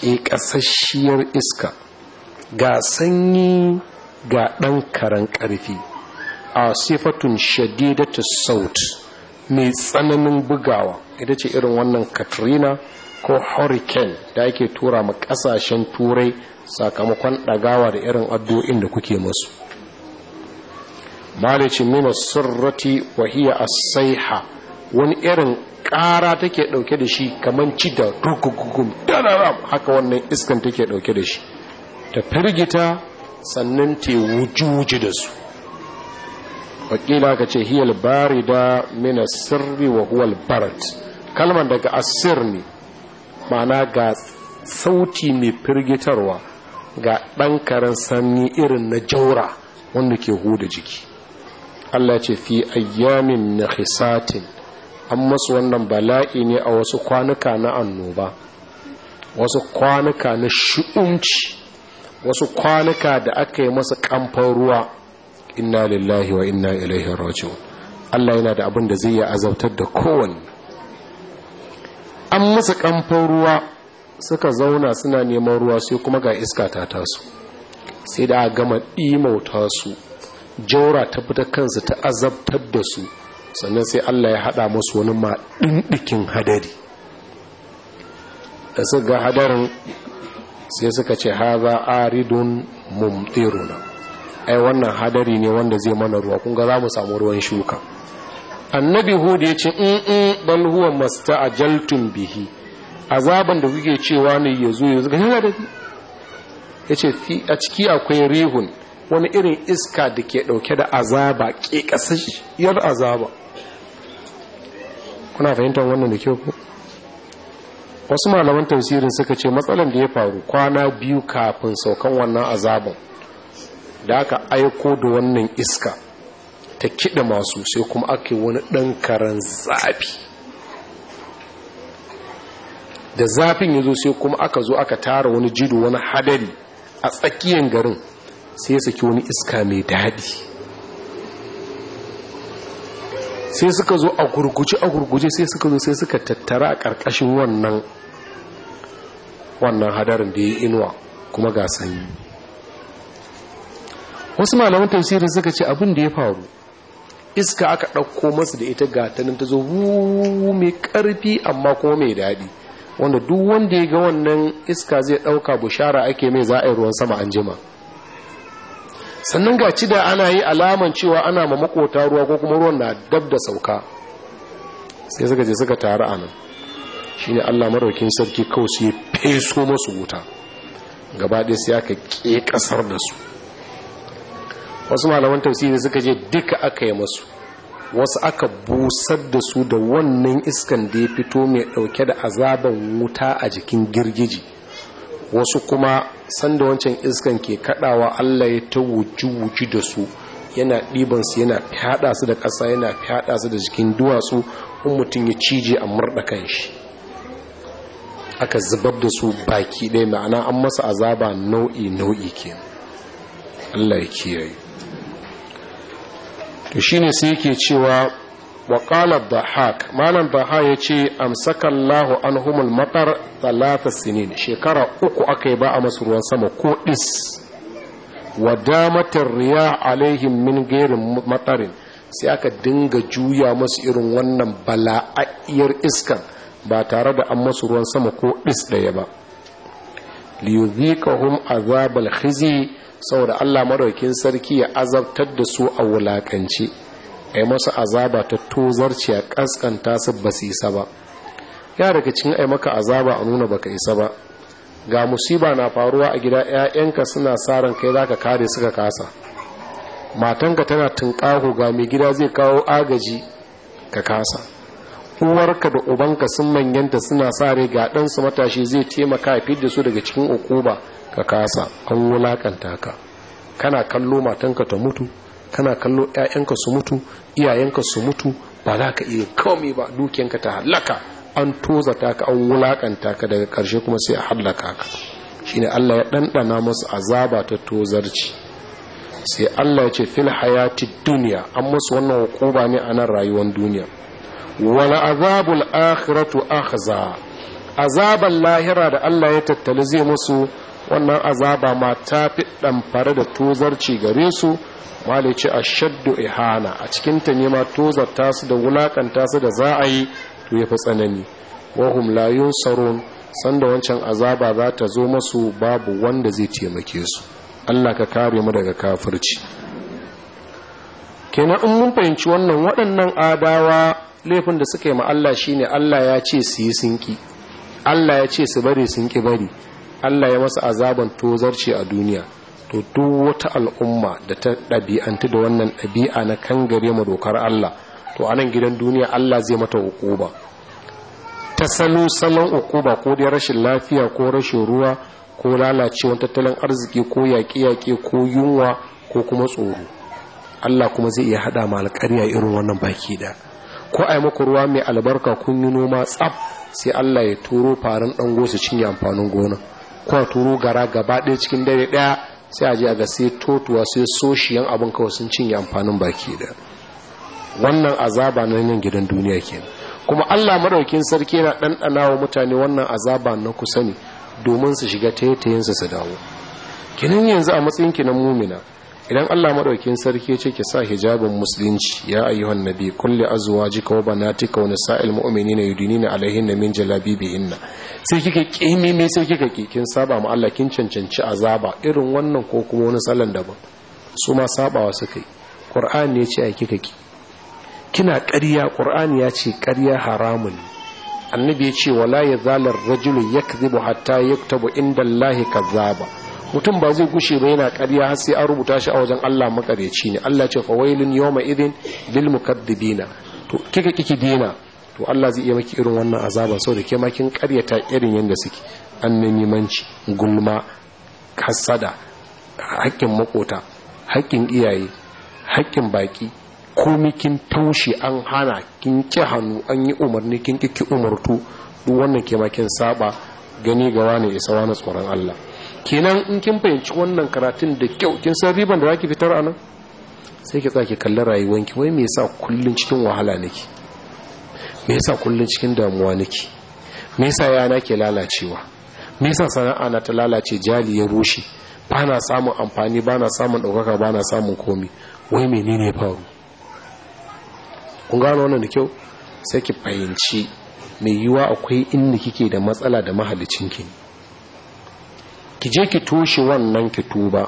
S1: kasasshiyar iska ga sanyi ga ɗan karen ƙarfi a sifatun shadidatu saut mai tsananin bugawa ita ce irin wannan katrina ko hurricane da ake tura ma ƙasashen turai sakamakon ɗagawa da irin addu'in da kuke masu malici mina surrati wahiya asaiha wani irin ƙara take ɗauke da shi kamar ci da rukukukum danaram haka wannan iskan take ɗauke da shi ta firgita sannan te wujuji da su wakila ka ce hiyal bari da mina sirri wa huwal barat kalmar daga asir ne mana ga sauti mai firgitarwa ga ɗan karen sanyi irin na jaura wanda ke huda jiki Allah ce fi ayyamin na hisatin an masu wannan bala'i ne a wasu kwanuka na annoba wasu kwanuka na shi'unci wasu kwanuka da aka yi masa kamfan ruwa inna lillahi wa inna ilaihi raji'un Allah yana da abin da zai yi azabtar da kowanne an masa kamfan ruwa suka zauna suna neman ruwa sai kuma ga iska ta taso sai da a gama ɗimauta su jaura ta fita kansu ta azabtar da su sannan sai Allah ya hada musu wani ma
S2: ɗinɗikin
S1: hadari da su ga hadarin sai suka ce haza aridun mumtiruna ai wannan hadari ne wanda zai mana ruwa kun ga za mu samu ruwan shuka annabi hud ya ce in mm, mm, bal huwa masta'ajaltum bihi azaban da kuke cewa ne yazo yazo da bi Ya ce a ciki akwai rihun wani irin iska da ke dauke da azaba ke kasashiyar azaba kuna fahimtar wannan da kyau ku. wasu malaman tafsirin suka ce matsalan da ya faru kwana biyu kafin saukan wannan azabin da aka aiko da wannan iska ta kiɗa masu sai kuma ake wani ɗan karen zafi da zafin ya zo sai kuma aka zo aka tara wani jido wani hadari a tsakiyar garin sai ya saki wani iska mai daɗi sai suka zo a gurguje a gurguje sai suka zo sai suka tattara a ƙarƙashin wannan wannan hadarin da ya inuwa kuma ga sanyi wasu malaman tafsirin suka ce abin da ya faru iska aka ɗauko masu da ita gatanin ta zo mai ƙarfi amma kuma mai daɗi wanda duk wanda ya ga wannan iska zai ɗauka bushara ake mai za a yi ruwan sama an jima sannan ga ci ana yi alaman cewa ana ma makota ruwa ko kuma ruwan na dab da sauka sai suka je suka taru a nan shi ne allah maraukin sarki kawai su yi feso masu wuta gaba ɗaya sai aka ke ƙasar da su wasu malaman tausiri suka je duka aka yi masu wasu aka busar da su da wannan iskan da ya fito mai ɗauke da azaban wuta a jikin girgiji wasu kuma sanda wancan iskan ke kadawa Allah ya ta wuci-wuci da su yana ɗibansu yana fyaɗa su da ƙasa yana fyaɗa su da jikin duwatsu in mutum ya cije a murɗa kan shi aka zubar da su baki ɗaya ma'ana an masa azaba nau'i nau'i ke Allah ya kiyaye to shine sai yake cewa wa qala dhahak malam dhaha yace amsaka Allah anhum al-matar thalatha sinin shekara uku akai ba a masu ruwan sama ko is wa damatir riyah alaihim min gairin matarin sai aka dinga juya masu irin wannan bala'ayyar iska ba tare da an masu ruwan sama ko is daya ba liyuzikahum azabal khizi saboda Allah madaukin sarki ya azabtar da su a wulakance a yi masa azaba ta tozarci a ƙasƙanta su ba su isa ba ya daga cikin a maka azaba a nuna baka isa ba ga musiba na faruwa a gida 'ya'yanka suna saran kai za ka kare suka kasa matanka tana tunƙaho ga mai gida zai kawo agaji ka kasa uwarka da ubanka sun manyanta suna sa rai ga ɗansu matashi zai taimaka ya da su daga cikin ukuba ka kasa an wulakanta ka kana kallo matanka ta mutu kana kallo ƴaƴanka su mutu iyayenka su mutu ba za ka iya komai ba dukiyanka ta halaka an tozata ka an wulakanta ka daga ƙarshe kuma sai a halaka ka shine Allah ya ɗanɗana masu azaba ta tozarci sai Allah ya ce fil hayati duniya an musu wannan hukuma ne a nan rayuwar duniya Wani azabul akhiratu akhza azaban lahira da Allah ya tattali zai musu wannan azaba ma ta fi ɗamfare da tozarci gare su malice a shaddu ihana a cikinta ne ma tozarta su da wulakanta su da za a yi to ya fi tsanani wahum la yunsarun sanda wancan azaba za ta zo masu babu wanda zai taimake su Allah ka kare mu daga kafirci kenan in mun fahimci wannan waɗannan adawa laifin da suka yi ma Allah shine Allah ya ce su yi sinki Allah ya ce su bari sun bari Allah ya masa azaban tozarci a duniya to duk wata al'umma da ta ɗabi'antu da wannan ɗabi'a na kan gare ma dokar Allah to a nan gidan duniya Allah zai mata hukuma ta salo salon hukuma ko dai rashin lafiya ko rashin ruwa ko lalacewar tattalin arziki ko yaƙe-yaƙe ko yunwa ko kuma tsoro Allah kuma zai iya haɗa ma alƙarya irin wannan baki da ko a yi muku ruwa mai albarka kun yi noma tsaf sai Allah ya turo farin ɗango su cinye amfanin gona. kwaturu gara gaba ɗaya cikin dare ɗaya sai a je a ga sai totuwa sai soshiyan abin kawai sun cinye amfanin baki da wannan azaba na nan gidan duniya kenan kuma Allah maraukin sarki yana ɗanɗana wa mutane wannan azaba na kusa ne domin su shiga yin su dawo kinin yanzu a matsayin ki na mumina idan Allah maɗaukin sarki ce ki sa hijabin musulunci ya ayyuhan nabi kulli azwajika wa banatika wa nisa'il mu'minina yudinina alaihinna min jalabibihinna sai kika kimi me sai kika kikin saba ma Allah kin cancanci azaba irin wannan ko kuma wani sallan daban su ma sabawa suka yi qur'ani ya ce ai kika ki kina ƙarya qur'ani ya ce ƙarya haramun annabi ya ce wala yazalar rajulu yakdhibu hatta yaktabu inda Allah zaba. mutum ba zai gushe ba yana ƙarya har sai an rubuta shi a wajen Allah makareci ne Allah ce fawailun yawma idin lil mukaddibina to kika kiki dina to Allah zai iya maki irin wannan azaba saboda ke ma kin ƙaryata irin yanda suke annamimanci gulma hasada haƙƙin makota haƙƙin iyaye haƙƙin baki komi kin taushe an hana kin ki hannu an yi umarni kin ki umartu duk wannan ke ma saba gani ga wani isa wani tsoron Allah kenan in kin fahimci wannan karatun da kyau kin san riban da zaki fitar anan sai ki tsaki kalle rayuwanki wai me yasa kullun cikin wahala nake me yasa kullun cikin damuwa nake me yasa yana ke lalacewa me yasa sana'a na ta lalace jali ya rushe ba na samun amfani ba na samun ɗaukaka ba na samun komai wai menene ya faru kun gano wannan da kyau sai ki fahimci mai yiwa akwai inda kike da matsala da mahallicinki ne ki je ki toshe wannan ki tuba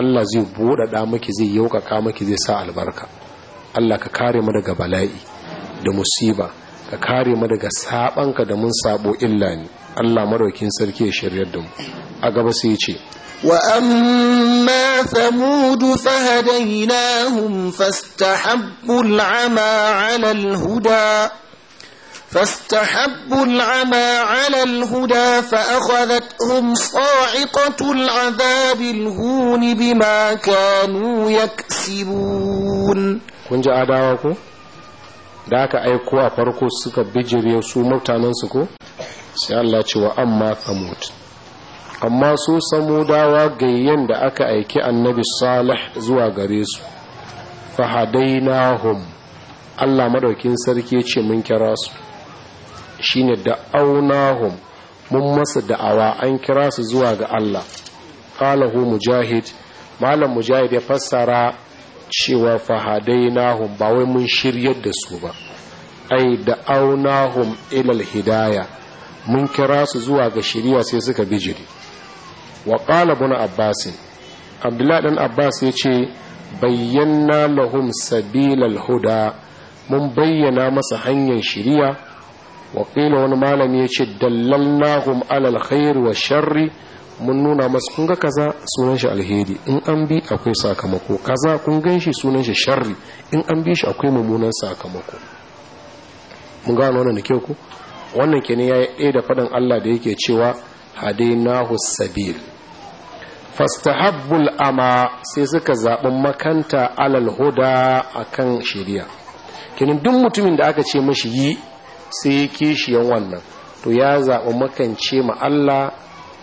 S1: Allah zai buɗaɗa maki zai yaukaka maki zai sa albarka Allah ka kare mu daga bala'i da musiba ka kare mu daga sabanka da mun sabo illa ni. Allah madaukin sarki ya shiryar da mu a gaba sai ya ce
S2: fa ثمود fastahabbu al'ama ama al huda. فاستحبوا العمى على الهدى فأخذتهم صاعقة العذاب الهون بما كانوا يكسبون
S1: kun ji adawa ko da aka aiko a farko suka bijire su mutanensu ko sai Allah ce wa amma thamud amma su samudawa gayyen da aka aiki annabi salih zuwa gare su fahadainahum Allah maɗaukin sarki ce mun kira su shine da aunahum mun masa da'awa an kira su zuwa ga Allah qalahu mujahid malam mujahid ya fassara cewa fahadainahum ba wai mun shiryar da su ba ai da'aunahum ilal hidaya mun kira su zuwa ga shiriya sai suka bijiri wa qala ibn abbas abdullahi dan abbas ya ce bayyana lahum sabilal huda mun bayyana masa hanyar shiriya waƙila wani malami ya ce dallalnahum alal khair wa sharri mun nuna masu kun ga kaza sunan shi alheri in an bi akwai sakamako kaza kun gan shi sunan shi sharri in an bi shi akwai mummunan sakamako mun gano wannan da kyau ku wannan kenan yayi ɗaya da faɗin Allah da yake cewa hadainahu sabil fastahabbul ama sai suka zaɓi makanta alal huda akan shari'a kenan duk mutumin da aka ce mashi yi sai kishiyan wannan to ya zaɓi makance ma Allah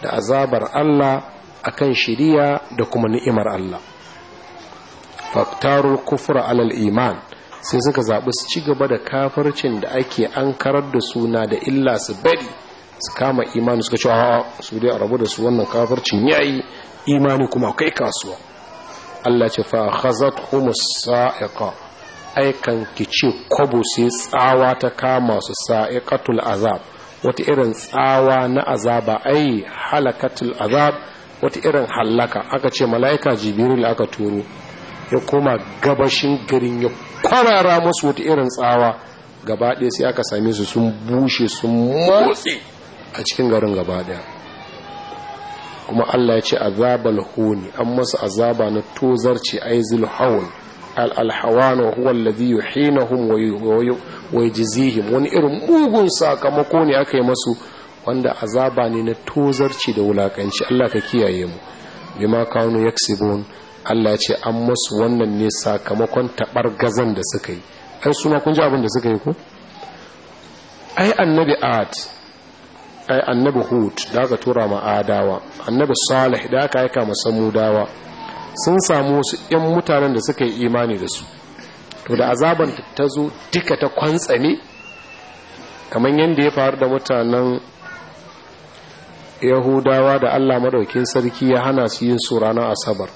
S1: da azabar Allah akan shiriya da kuma ni'imar Allah faktarul kufra alal iman sai suka zaɓi su ci gaba da kafarcin da ake an karar da suna da illa su bari su kama imani suka ce su dai a rabu da su wannan kafircin yi imani kuma kai kasuwa Allah ce fa khazat humus sa'iqa aikan ki ce kwabo sai tsawa ta kama su sa'iqatul azab wata irin tsawa na azaba ai halakatul azab wata irin halaka aka ce mala'ika jibril aka turo ya koma gabashin garin ya kwarara musu wata irin tsawa gaba ɗaya sai aka same su sun bushe sun motsi a cikin garin gaba ɗaya kuma Allah ya ce azabal huni an masa azaba na tozarci aizul hawl alhawan wa huwa alladhi yuhinahum wa wani irin mugun sakamako ne aka yi masu wanda azaba ne na tozarci da wulakanci Allah ka kiyaye mu bima kanu yaksibun Allah ce an masu wannan ne sakamakon tabar gazan da suka yi ai ma kun ji abin da suka yi ko ai annabi ad ai annabi hud da aka tura ma adawa annabi salih da aka aika ma samudawa sun samu wasu ‘yan mutanen da suka yi imani da su to da azaban ta zo duka ta kwantsame. kamar yadda ya faru da mutanen yahudawa da allah madaukin sarki ya hana su yin su ranar asabar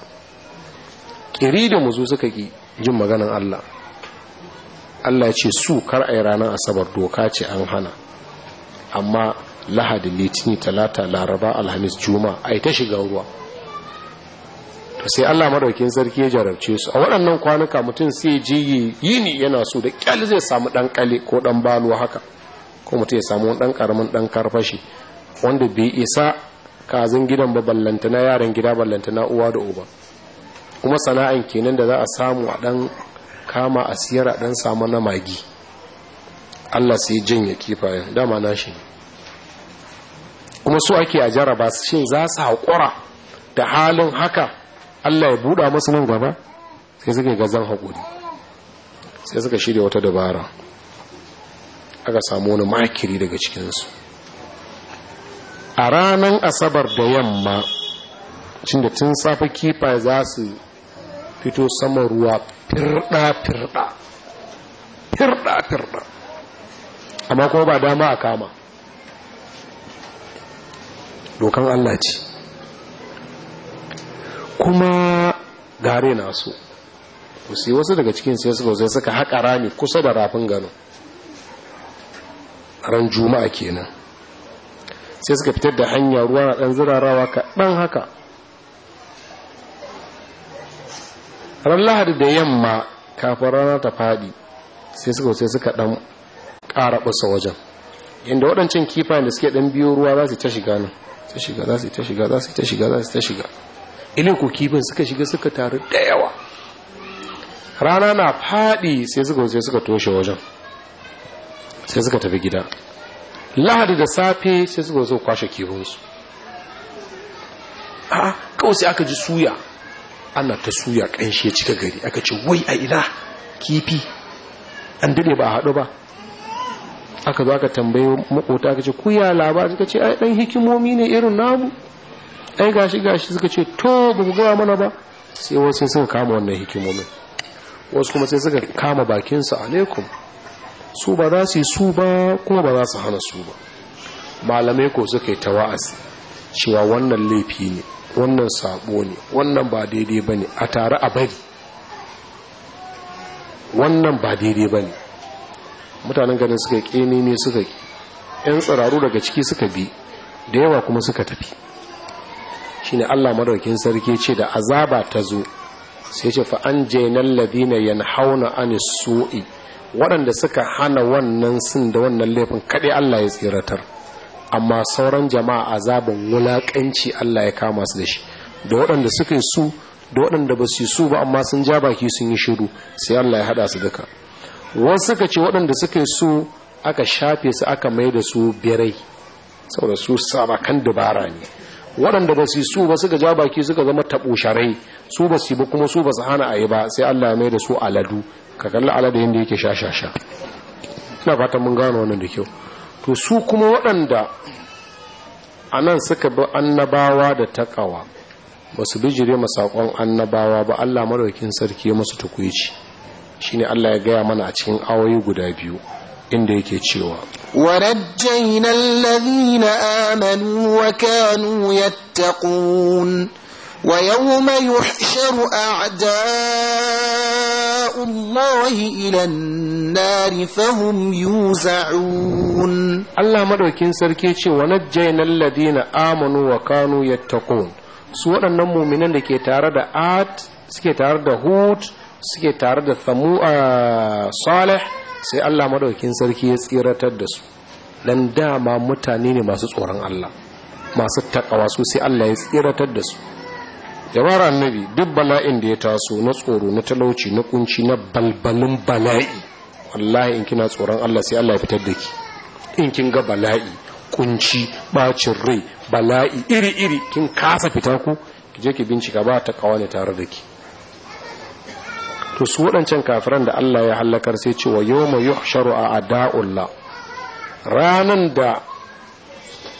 S1: ƙiri da muzu suka ƙi jin maganin allah allah ce su kar a yi ranar asabar doka ce an hana amma lahadi litini talata laraba alhamis juma a ta shiga ruwa sai Allah madaukin sarki ya jarabce su a waɗannan kwanuka mutum sai ji yini yana so da kyal zai samu ɗan kale ko dan balo haka ko mutum ya samu ɗan karamin dan karfashi wanda bai isa kazin gidan ba ballantana yaran gida ballantana uwa da uba kuma sana'an kenan da za a samu a ɗan kama a siyar a dan samu na magi Allah sai janye kifayen dama nashi kuma su ake a jaraba shin za su haƙura da halin haka Allah ya buɗa masu nan gaba sai suka gazan haƙuri sai suka shirya wata dabara aka samu wani makiri daga cikinsu a ranar asabar da yamma cin da tun safe kifa za su fito saman ruwa firɗa-firɗa firɗa-firɗa amma kuma ba dama a kama dokan Allah ce kuma gare na su sai wasu daga cikin sai suka sai suka haƙa rami kusa da rafin gano ran juma'a kenan sai suka fitar da hanya ruwa na ɗan zirarawa kaɗan haka ran lahadi da yamma kafin rana ta faɗi sai suka sai suka ɗan ƙara ɓasa wajen inda waɗancan kifayen da suke ɗan biyo ruwa za su ta shiga nan ta shiga za su ta shiga za su ta shiga za su ta shiga ina ko kifin suka shiga suka taru da yawa rana na faɗi sai suka sai suka toshe wajen sai suka tafi gida lahadi da safe sai suka zo kwashe kifinsu a kawai sai aka ji suya ana ta suya ƙanshe cika gari aka ce wai a ina kifi an dade ba a haɗu ba aka zo aka tambaye makota aka ce kuya labar suka ce ai ɗan hikimomi ne irin namu ai gashi gashi suka ce to ba ku gaya mana ba sai wasu suka kama wannan hikimomin wasu kuma sai suka kama bakinsu alaikum su ba za su yi su ba kuma ba za su hana su ba malamai ko suka yi ta wa'azi cewa wannan laifi ne wannan sabo ne wannan ba daidai ba ne a tare a bari wannan ba daidai ba ne mutanen ganin suka ƙi ne suka yi 'yan tsiraru daga ciki suka bi da yawa kuma suka tafi shine Allah madaukin sarki ce da azaba ta zo sai ce fa an yan ladina yanhauna anis su'i waɗanda suka hana wannan sun da wannan laifin kaɗai Allah ya tsiratar amma sauran jama'a azabin wulaƙanci Allah ya kama su da shi da waɗanda suka yi su da waɗanda ba su yi su ba amma sun ja baki sun yi shiru sai Allah ya haɗa su duka wasu suka ce waɗanda suka yi su aka shafe su aka mai da su birai saboda su sabakan dubara ne waɗanda ba su su ba suka ja baki suka zama sharai su ba su ba kuma su ba su hana a yi ba sai allah ya mai da su aladu ka kalli alada yadda yake sha-sha-sha ina fatan mun gano wannan da kyau to su kuma waɗanda a nan suka bi annabawa da taƙawa ba su bijire masakon annabawa ba allah maraukin sarki masu tukwici shine allah ya gaya mana a cikin awayi guda biyu inda yake cewa
S2: warajjaina alladhina amanu wa kanu yattaqun wa yawma yuhsharu a'da'u allahi ila an-nar fahum yuz'un
S1: Allah madaukin sarki ce wa najjaina amanu wa kanu yattaqun su waɗannan mu'minan da ke tare da at suke tare da Hud, suke tare da samu a ah, sai Allah madaukin sarki ya tsiratar da su dan dama mutane ne masu tsoron Allah masu takawa su sai Allah ya tsiratar da su jama'ar annabi duk bala'in da ya taso na tsoro na talauci na kunci na balbalin bala'i wallahi in kina tsoron Allah sai Allah ya fitar da ki in kin ga bala'i kunci bacin rai bala'i iri iri kin kasa fita ku ki je ki bincika ba ta kawane tare da ki to su waɗancan kafiran da Allah ya halakar sai ce wa yawma yuhsharu a Da'ulla, ranan da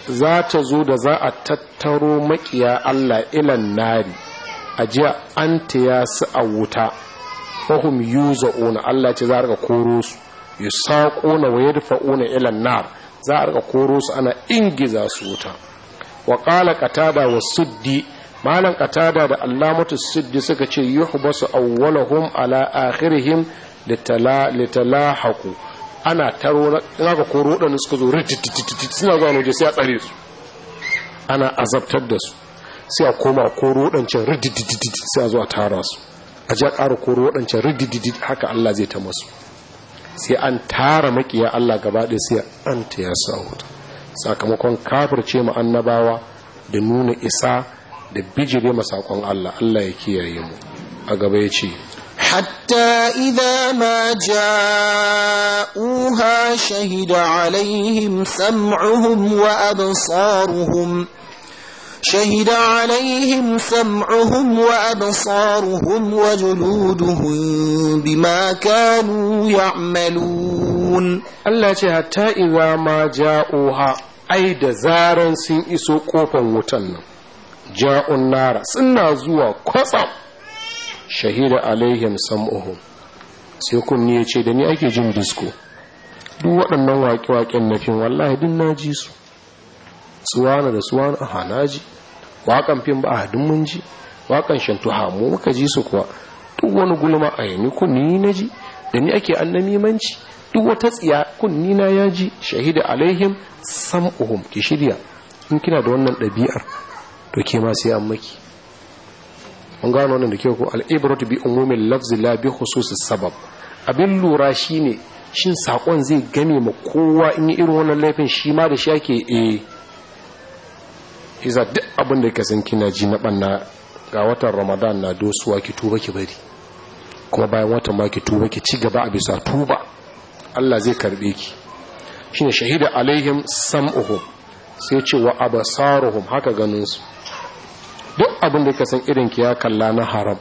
S1: za ta zo da za a tattaro makiya Allah ilan nari a jiya an taya su a wuta fahim yuza'una Allah ce za a rika koro su yusaquna wa yadfa'una ilan nar za a rika koro su ana ingiza su wuta wa ƙata da wasu suddi malam Katada, da allamatu siddi suka ce yuhbasu awwalahum ala akhirihim litala litalahaku ana taro na ga koro dan suka zo suna zuwa waje sai a tsare su ana azabtar da su sai a koma koro dan can sai a zuwa tara su a ji a ƙara koro dan can haka Allah zai ta masu sai an tara makiya Allah gaba ɗaya sai an ta ya sa hutu sakamakon kafirce mu annabawa da nuna isa da bijire masu akwai Allah Allah ya kiyaye mu a gaba ya ce
S2: hatta idan ma ja'uha shahida alaihim sam'uhum wa abinsaruhun shahida alaihim sam'uhum wa abinsaruhun wa juluduhun bi ma ya amalun Allah ce
S1: hatta iwa ma ja'uha ai da zaren sun iso kofar wutan nan ja'un nara suna zuwa kwatsam shahida alaihim sam'uhum sai kunni ya ce da ni ake jin disko duk waɗannan waƙe-waƙen na fim wallahi din na ji su suwana da suwana a hanaji waƙan fim ba a hadin mun ji waƙan shantu hamu muka ji su kuwa duk wani gulma a yanni kunni na ji da ni ake annamimanci duk wata tsiya kunni na ya ji shahida alaihim sam'uhum ki shirya in kina da wannan ɗabi'ar to ke ma sai an maki mun gano wannan da ke ko al'ibratu bi umumin lafzi la bi khususi sabab abin lura shine shin sakon zai game ma kowa in yi irin wannan laifin shi ma da shi ake eh iza duk abin da ka san kina ji na banna ga watan Ramadan na dosuwa ki tuba ki bari kuma bayan watan ma ki tuba ki ci gaba a bisa tuba Allah zai karbe ki shine shahida alaihim sam'uhum sai ce wa abasaruhum haka ganin su duk abin da ka san irin ki ya kalla na haram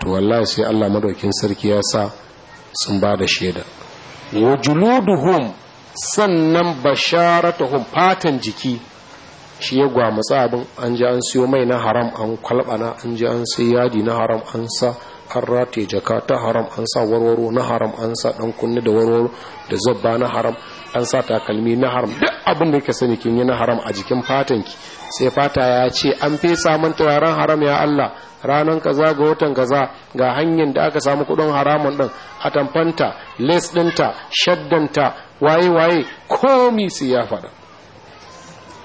S1: to wallahi sai Allah madaukin sarki ya sa sun ba da shaida wa juluduhum sannan basharatuhum fatan jiki shi ya gwamutsa abin an ji an siyo mai na haram an kwalbana an ji an sai yadi na haram an sa an rataye jaka ta haram an sa warwaro na haram an sa dan kunni da warwaro da zabba na haram an sa takalmi na haram duk abin da yake sani kin yi na haram a jikin fatan ki sai fata ya ce an fesa samun turaren haram ya Allah ranan kaza ga watan kaza ga hanyar da aka samu kudin haramun din atamfanta les dinta shaddanta waye waye komi sai ya faɗa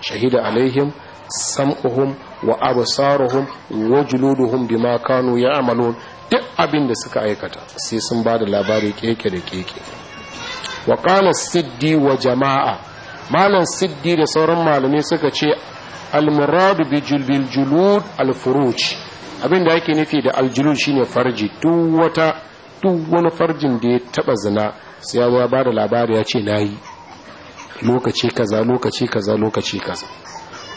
S1: shahida alaihim sam'uhum wa absaruhum wa juluduhum bima kanu ya'malun duk abin da suka aikata sai sun ba da labari keke da keke wa qala siddi wa jama'a malam siddi da sauran malamai suka ce al-murad bi julbil julud al-furuj abinda yake nufi da aljulud shine farji duk wata duk wani farjin da ya taba zina sai ya ba da labari ya ce nayi lokaci kaza lokaci kaza lokaci kaza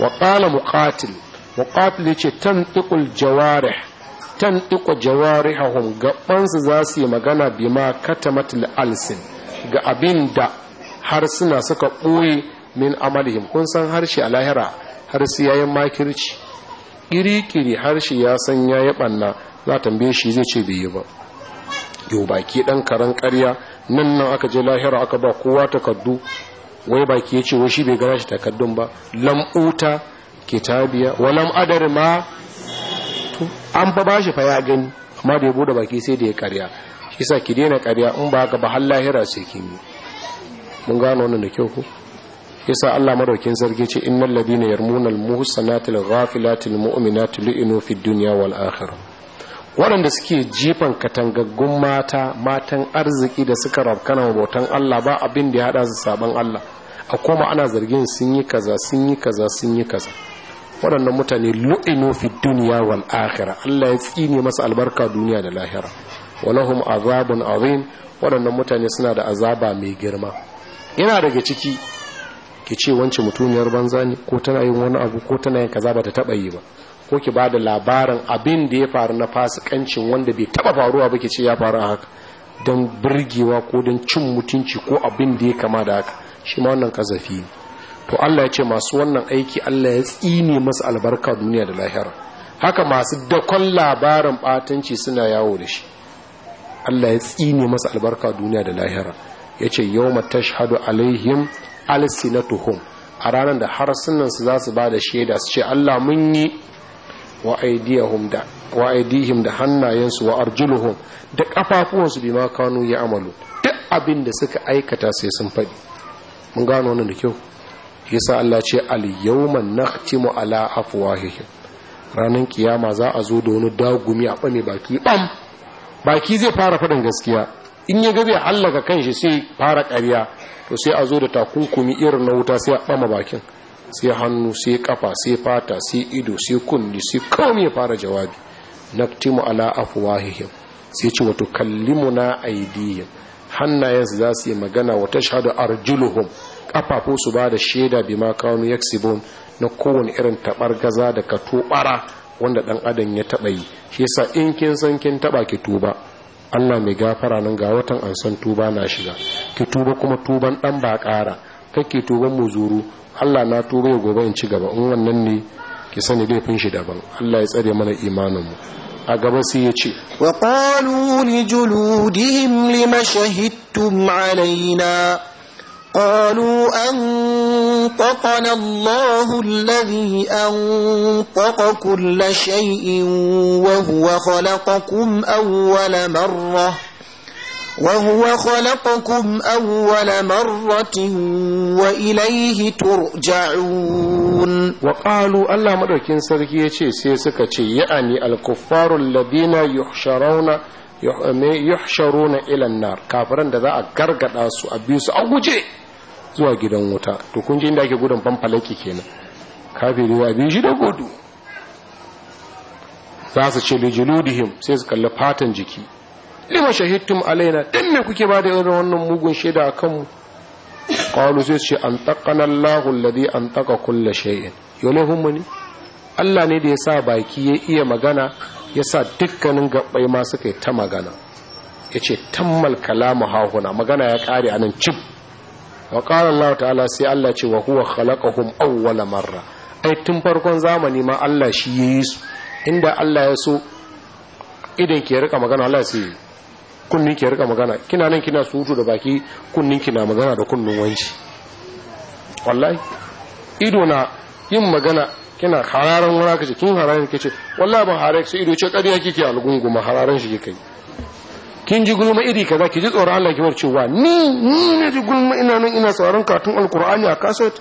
S1: wa qala muqatil muqatil yace tantiqul jawarih tantiqu jawarihum za su yi magana bima katamatil alsin ga abin da harsuna suka ɓoye min amalihim kun san harshe a lahira harshe ya yi makirci ƙirikiri harshe ya san ya yi ɓanna za tambaye shi zai ce bai yi ba yau baki ɗan karen ƙarya nan nan aka je lahira aka ba kowa takardu wai baki ya ce wai shi bai gana shi takardun ba lam'uta kitabiya walam adar ma an ba shi fa ya gani amma da ya bude baki sai da ya karya isa ki daina ƙarya in ba ga ba har lahira sai kin yi mun gano wannan da kyau ko yasa Allah madaukin sarki ce innal ladina yarmunal muhsanatil ghafilatil mu'minatil lu'inu fid dunya wal waɗanda suke jifan katangaggun mata matan arziki da suka rabkana wa Allah ba abin da ya hada su saban Allah a koma ana zargin sun yi kaza sun yi kaza sun yi kaza waɗannan mutane lu'inu fi dunya wal akhirah Allah ya tsine masa albarka duniya da lahira walahum azabun azim waɗannan mutane suna da azaba mai girma yana daga ciki ki ce wance mutuniyar banza ne ko tana yin wani abu ko tana yin kaza ba ta taba yi ba ko ki ba da labarin abin da ya faru na fasikancin wanda bai taba faruwa ba ki ce ya faru haka don birgewa ko don cin mutunci ko abin da ya kama da haka shi ma wannan kazafi ne to Allah ya ce masu wannan aiki Allah ya tsine masu albarka duniya da lahira haka masu dakon labarin batanci suna yawo da shi Allah ya tsine masa albarka duniya da lahira Ya yace yawma tashhadu alaihim alsinatuhum a ranar da har sunansu za su ba da shaida su ce Allah mun yi wa aidihim da hannayensu wa arjuluhum da kafafuwansu bima kanu ya amalu duk abin da suka aikata sai sun faɗi mun gano wannan da kyau yasa Allah ce al yawma nakhtimu ala afwahihim ranar kiyama za a zo da wani dagumi a ɓame baki ɓam baki zai fara faɗin gaskiya in ya ga zai hallaka kanshi sai fara ƙarya to sai a zo da takunkumi irin na wuta sai a ɓama bakin sai hannu sai ƙafa sai fata sai ido sai kunni sai kawai ya fara jawabi naktimu ala afwahihim sai ce wato na aidiyin hannayen hannayensu za su yi magana wa tashhadu arjuluhum ƙafafu su ba da shaida bima kanu yaksibun na kowane irin tabar gaza da tobara wanda dan adam ya taba yi shi yasa in kin san kin taba ki tuba Allah mai gafara nan ga watan an san tuba na shiga ki tuba kuma tuban dan ba ƙara kake tuban muzuru Allah na tuba ya gobe in ci gaba in wannan ne ki sani laifin shi daban Allah ya tsare mana imanin mu a gaba sai ya ce wa qalu
S2: li juludihim lima shahidtum alaina قالوا أنطقنا الله الذي أنطق كل شيء وهو خلقكم أول مرة وهو خلقكم أول مرة وإليه ترجعون وقالوا ألا
S1: مدركين سركية سيسكة يعني الكفار الذين يحشرون yuhsharuna ila nar kafiran da za a gargada su a biyu su a guje zuwa gidan wuta to kun ji inda ake gudun fanfalaki kenan kafiri ya bi shi da gudu za su ce him sai su kalli fatan jiki lima shahidtum alaina dan me kuke ba da irin wannan mugun shaida a kanmu qalu sai ce an taqana Allahu alladhi an taqa kulli shay'in yulahum ni Allah ne da ya sa baki ya iya magana ya sa dukkanin gabbai ma suka yi ta magana yace tammal kalamu hahuna magana ya kare anan cib wa qala Allah ta'ala sai Allah ce wa huwa khalaqahum awwala marra ai tun farkon zamani ma Allah shi yi su inda Allah ya so idan ke rika magana Allah sai kunnin ke rika magana kina nan kina surutu da baki kunnin kina magana da kunnin wanci wallahi ido na yin magana kina hararan wura kace kin hararan kace wallahi ban harare sai ido ce kadiya kike algunguma hararan shi kike kin ji gulma iri kaza ki ji tsoron Allah ki bar cewa ni ni na ji gulma ina nan ina sauraron katun alkur'ani a kaset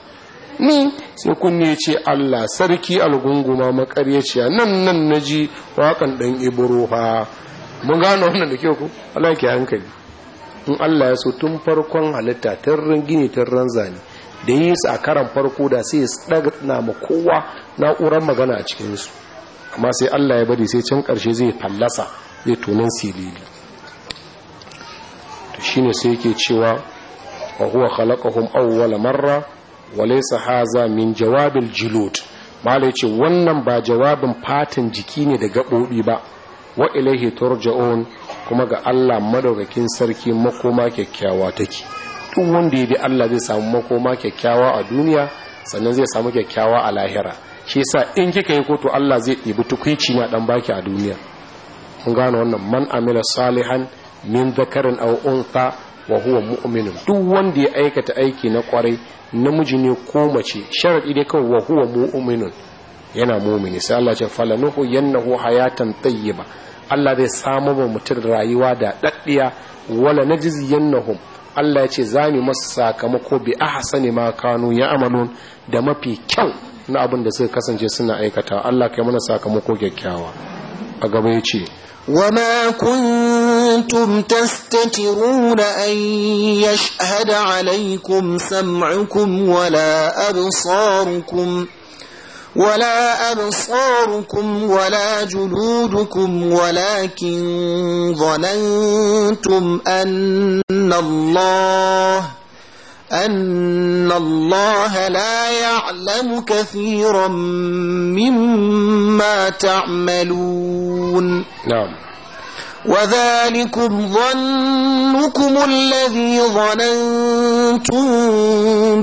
S1: ni sai kunne ya ce Allah sarki algunguma makaryaciya nan nan na wakan dan ibro mun gano wannan da kyau ku Allah ki hankali in Allah ya so tun farkon halitta tun ta tun zane da yi su a karan farko da sai su daga na ma kowa na'urar magana a cikinsu amma sai Allah ya bari sai can karshe zai fallasa zai tunan silili to shine sai yake cewa wa huwa khalaqahum awwala marra wa laysa haza min jawabil julud malai yace wannan ba jawabin fatan jiki ne da gabobi ba wa ilaihi turja'un kuma ga Allah madaukakin sarki makoma kyakkyawa take duk wanda ya bi Allah zai samu makoma kyakkyawa a duniya sannan zai samu kyakkyawa a lahira shi yasa in kika yi kotu Allah zai ɗibi tukuici na dan baki a duniya mun gane wannan man amila salihan min zakarin aw unsa wa huwa mu'minun duk wanda ya aikata aiki na kwarai namiji ne ko mace sharadi dai kawai wa huwa mu'minun yana mu'mini sai Allah ya nuhu falanuhu yannahu hayatan ba. Allah zai samu ba mutum rayuwa da daddiya wala najziyannahum Allah ya ce za mu masu sakamako bi ahsani ma kanu ya da mafi kyau na abin da suka kasance suna aikata Allah kai mana sakamako kyakkyawa a gaba ya ce
S2: وما كنتم تستترون أن يشهد عليكم سمعكم ولا أبصاركم ولا أبصاركم ولا جلودكم ولكن ظننتم أن الله أن الله لا يعلم كثيرا مما تعملون نعم وذلكم ظنكم الذي ظننتم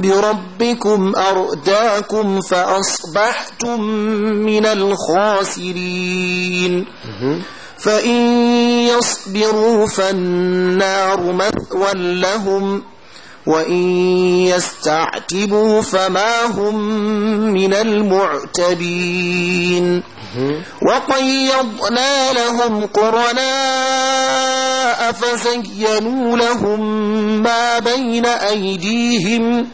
S2: بربكم أرداكم فأصبحتم من الخاسرين فإن يصبروا فالنار مثوى لهم وإن يستعتبوا فما هم من المعتبين وقيضنا لهم قرناء فزينوا لهم ما بين أيديهم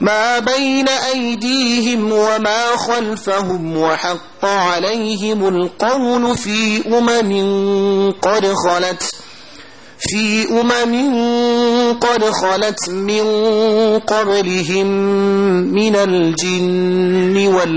S2: ما بين أيديهم وما خلفهم وحق عليهم القول في أمم قد خلت في أمم قد خلت من قبلهم من الجن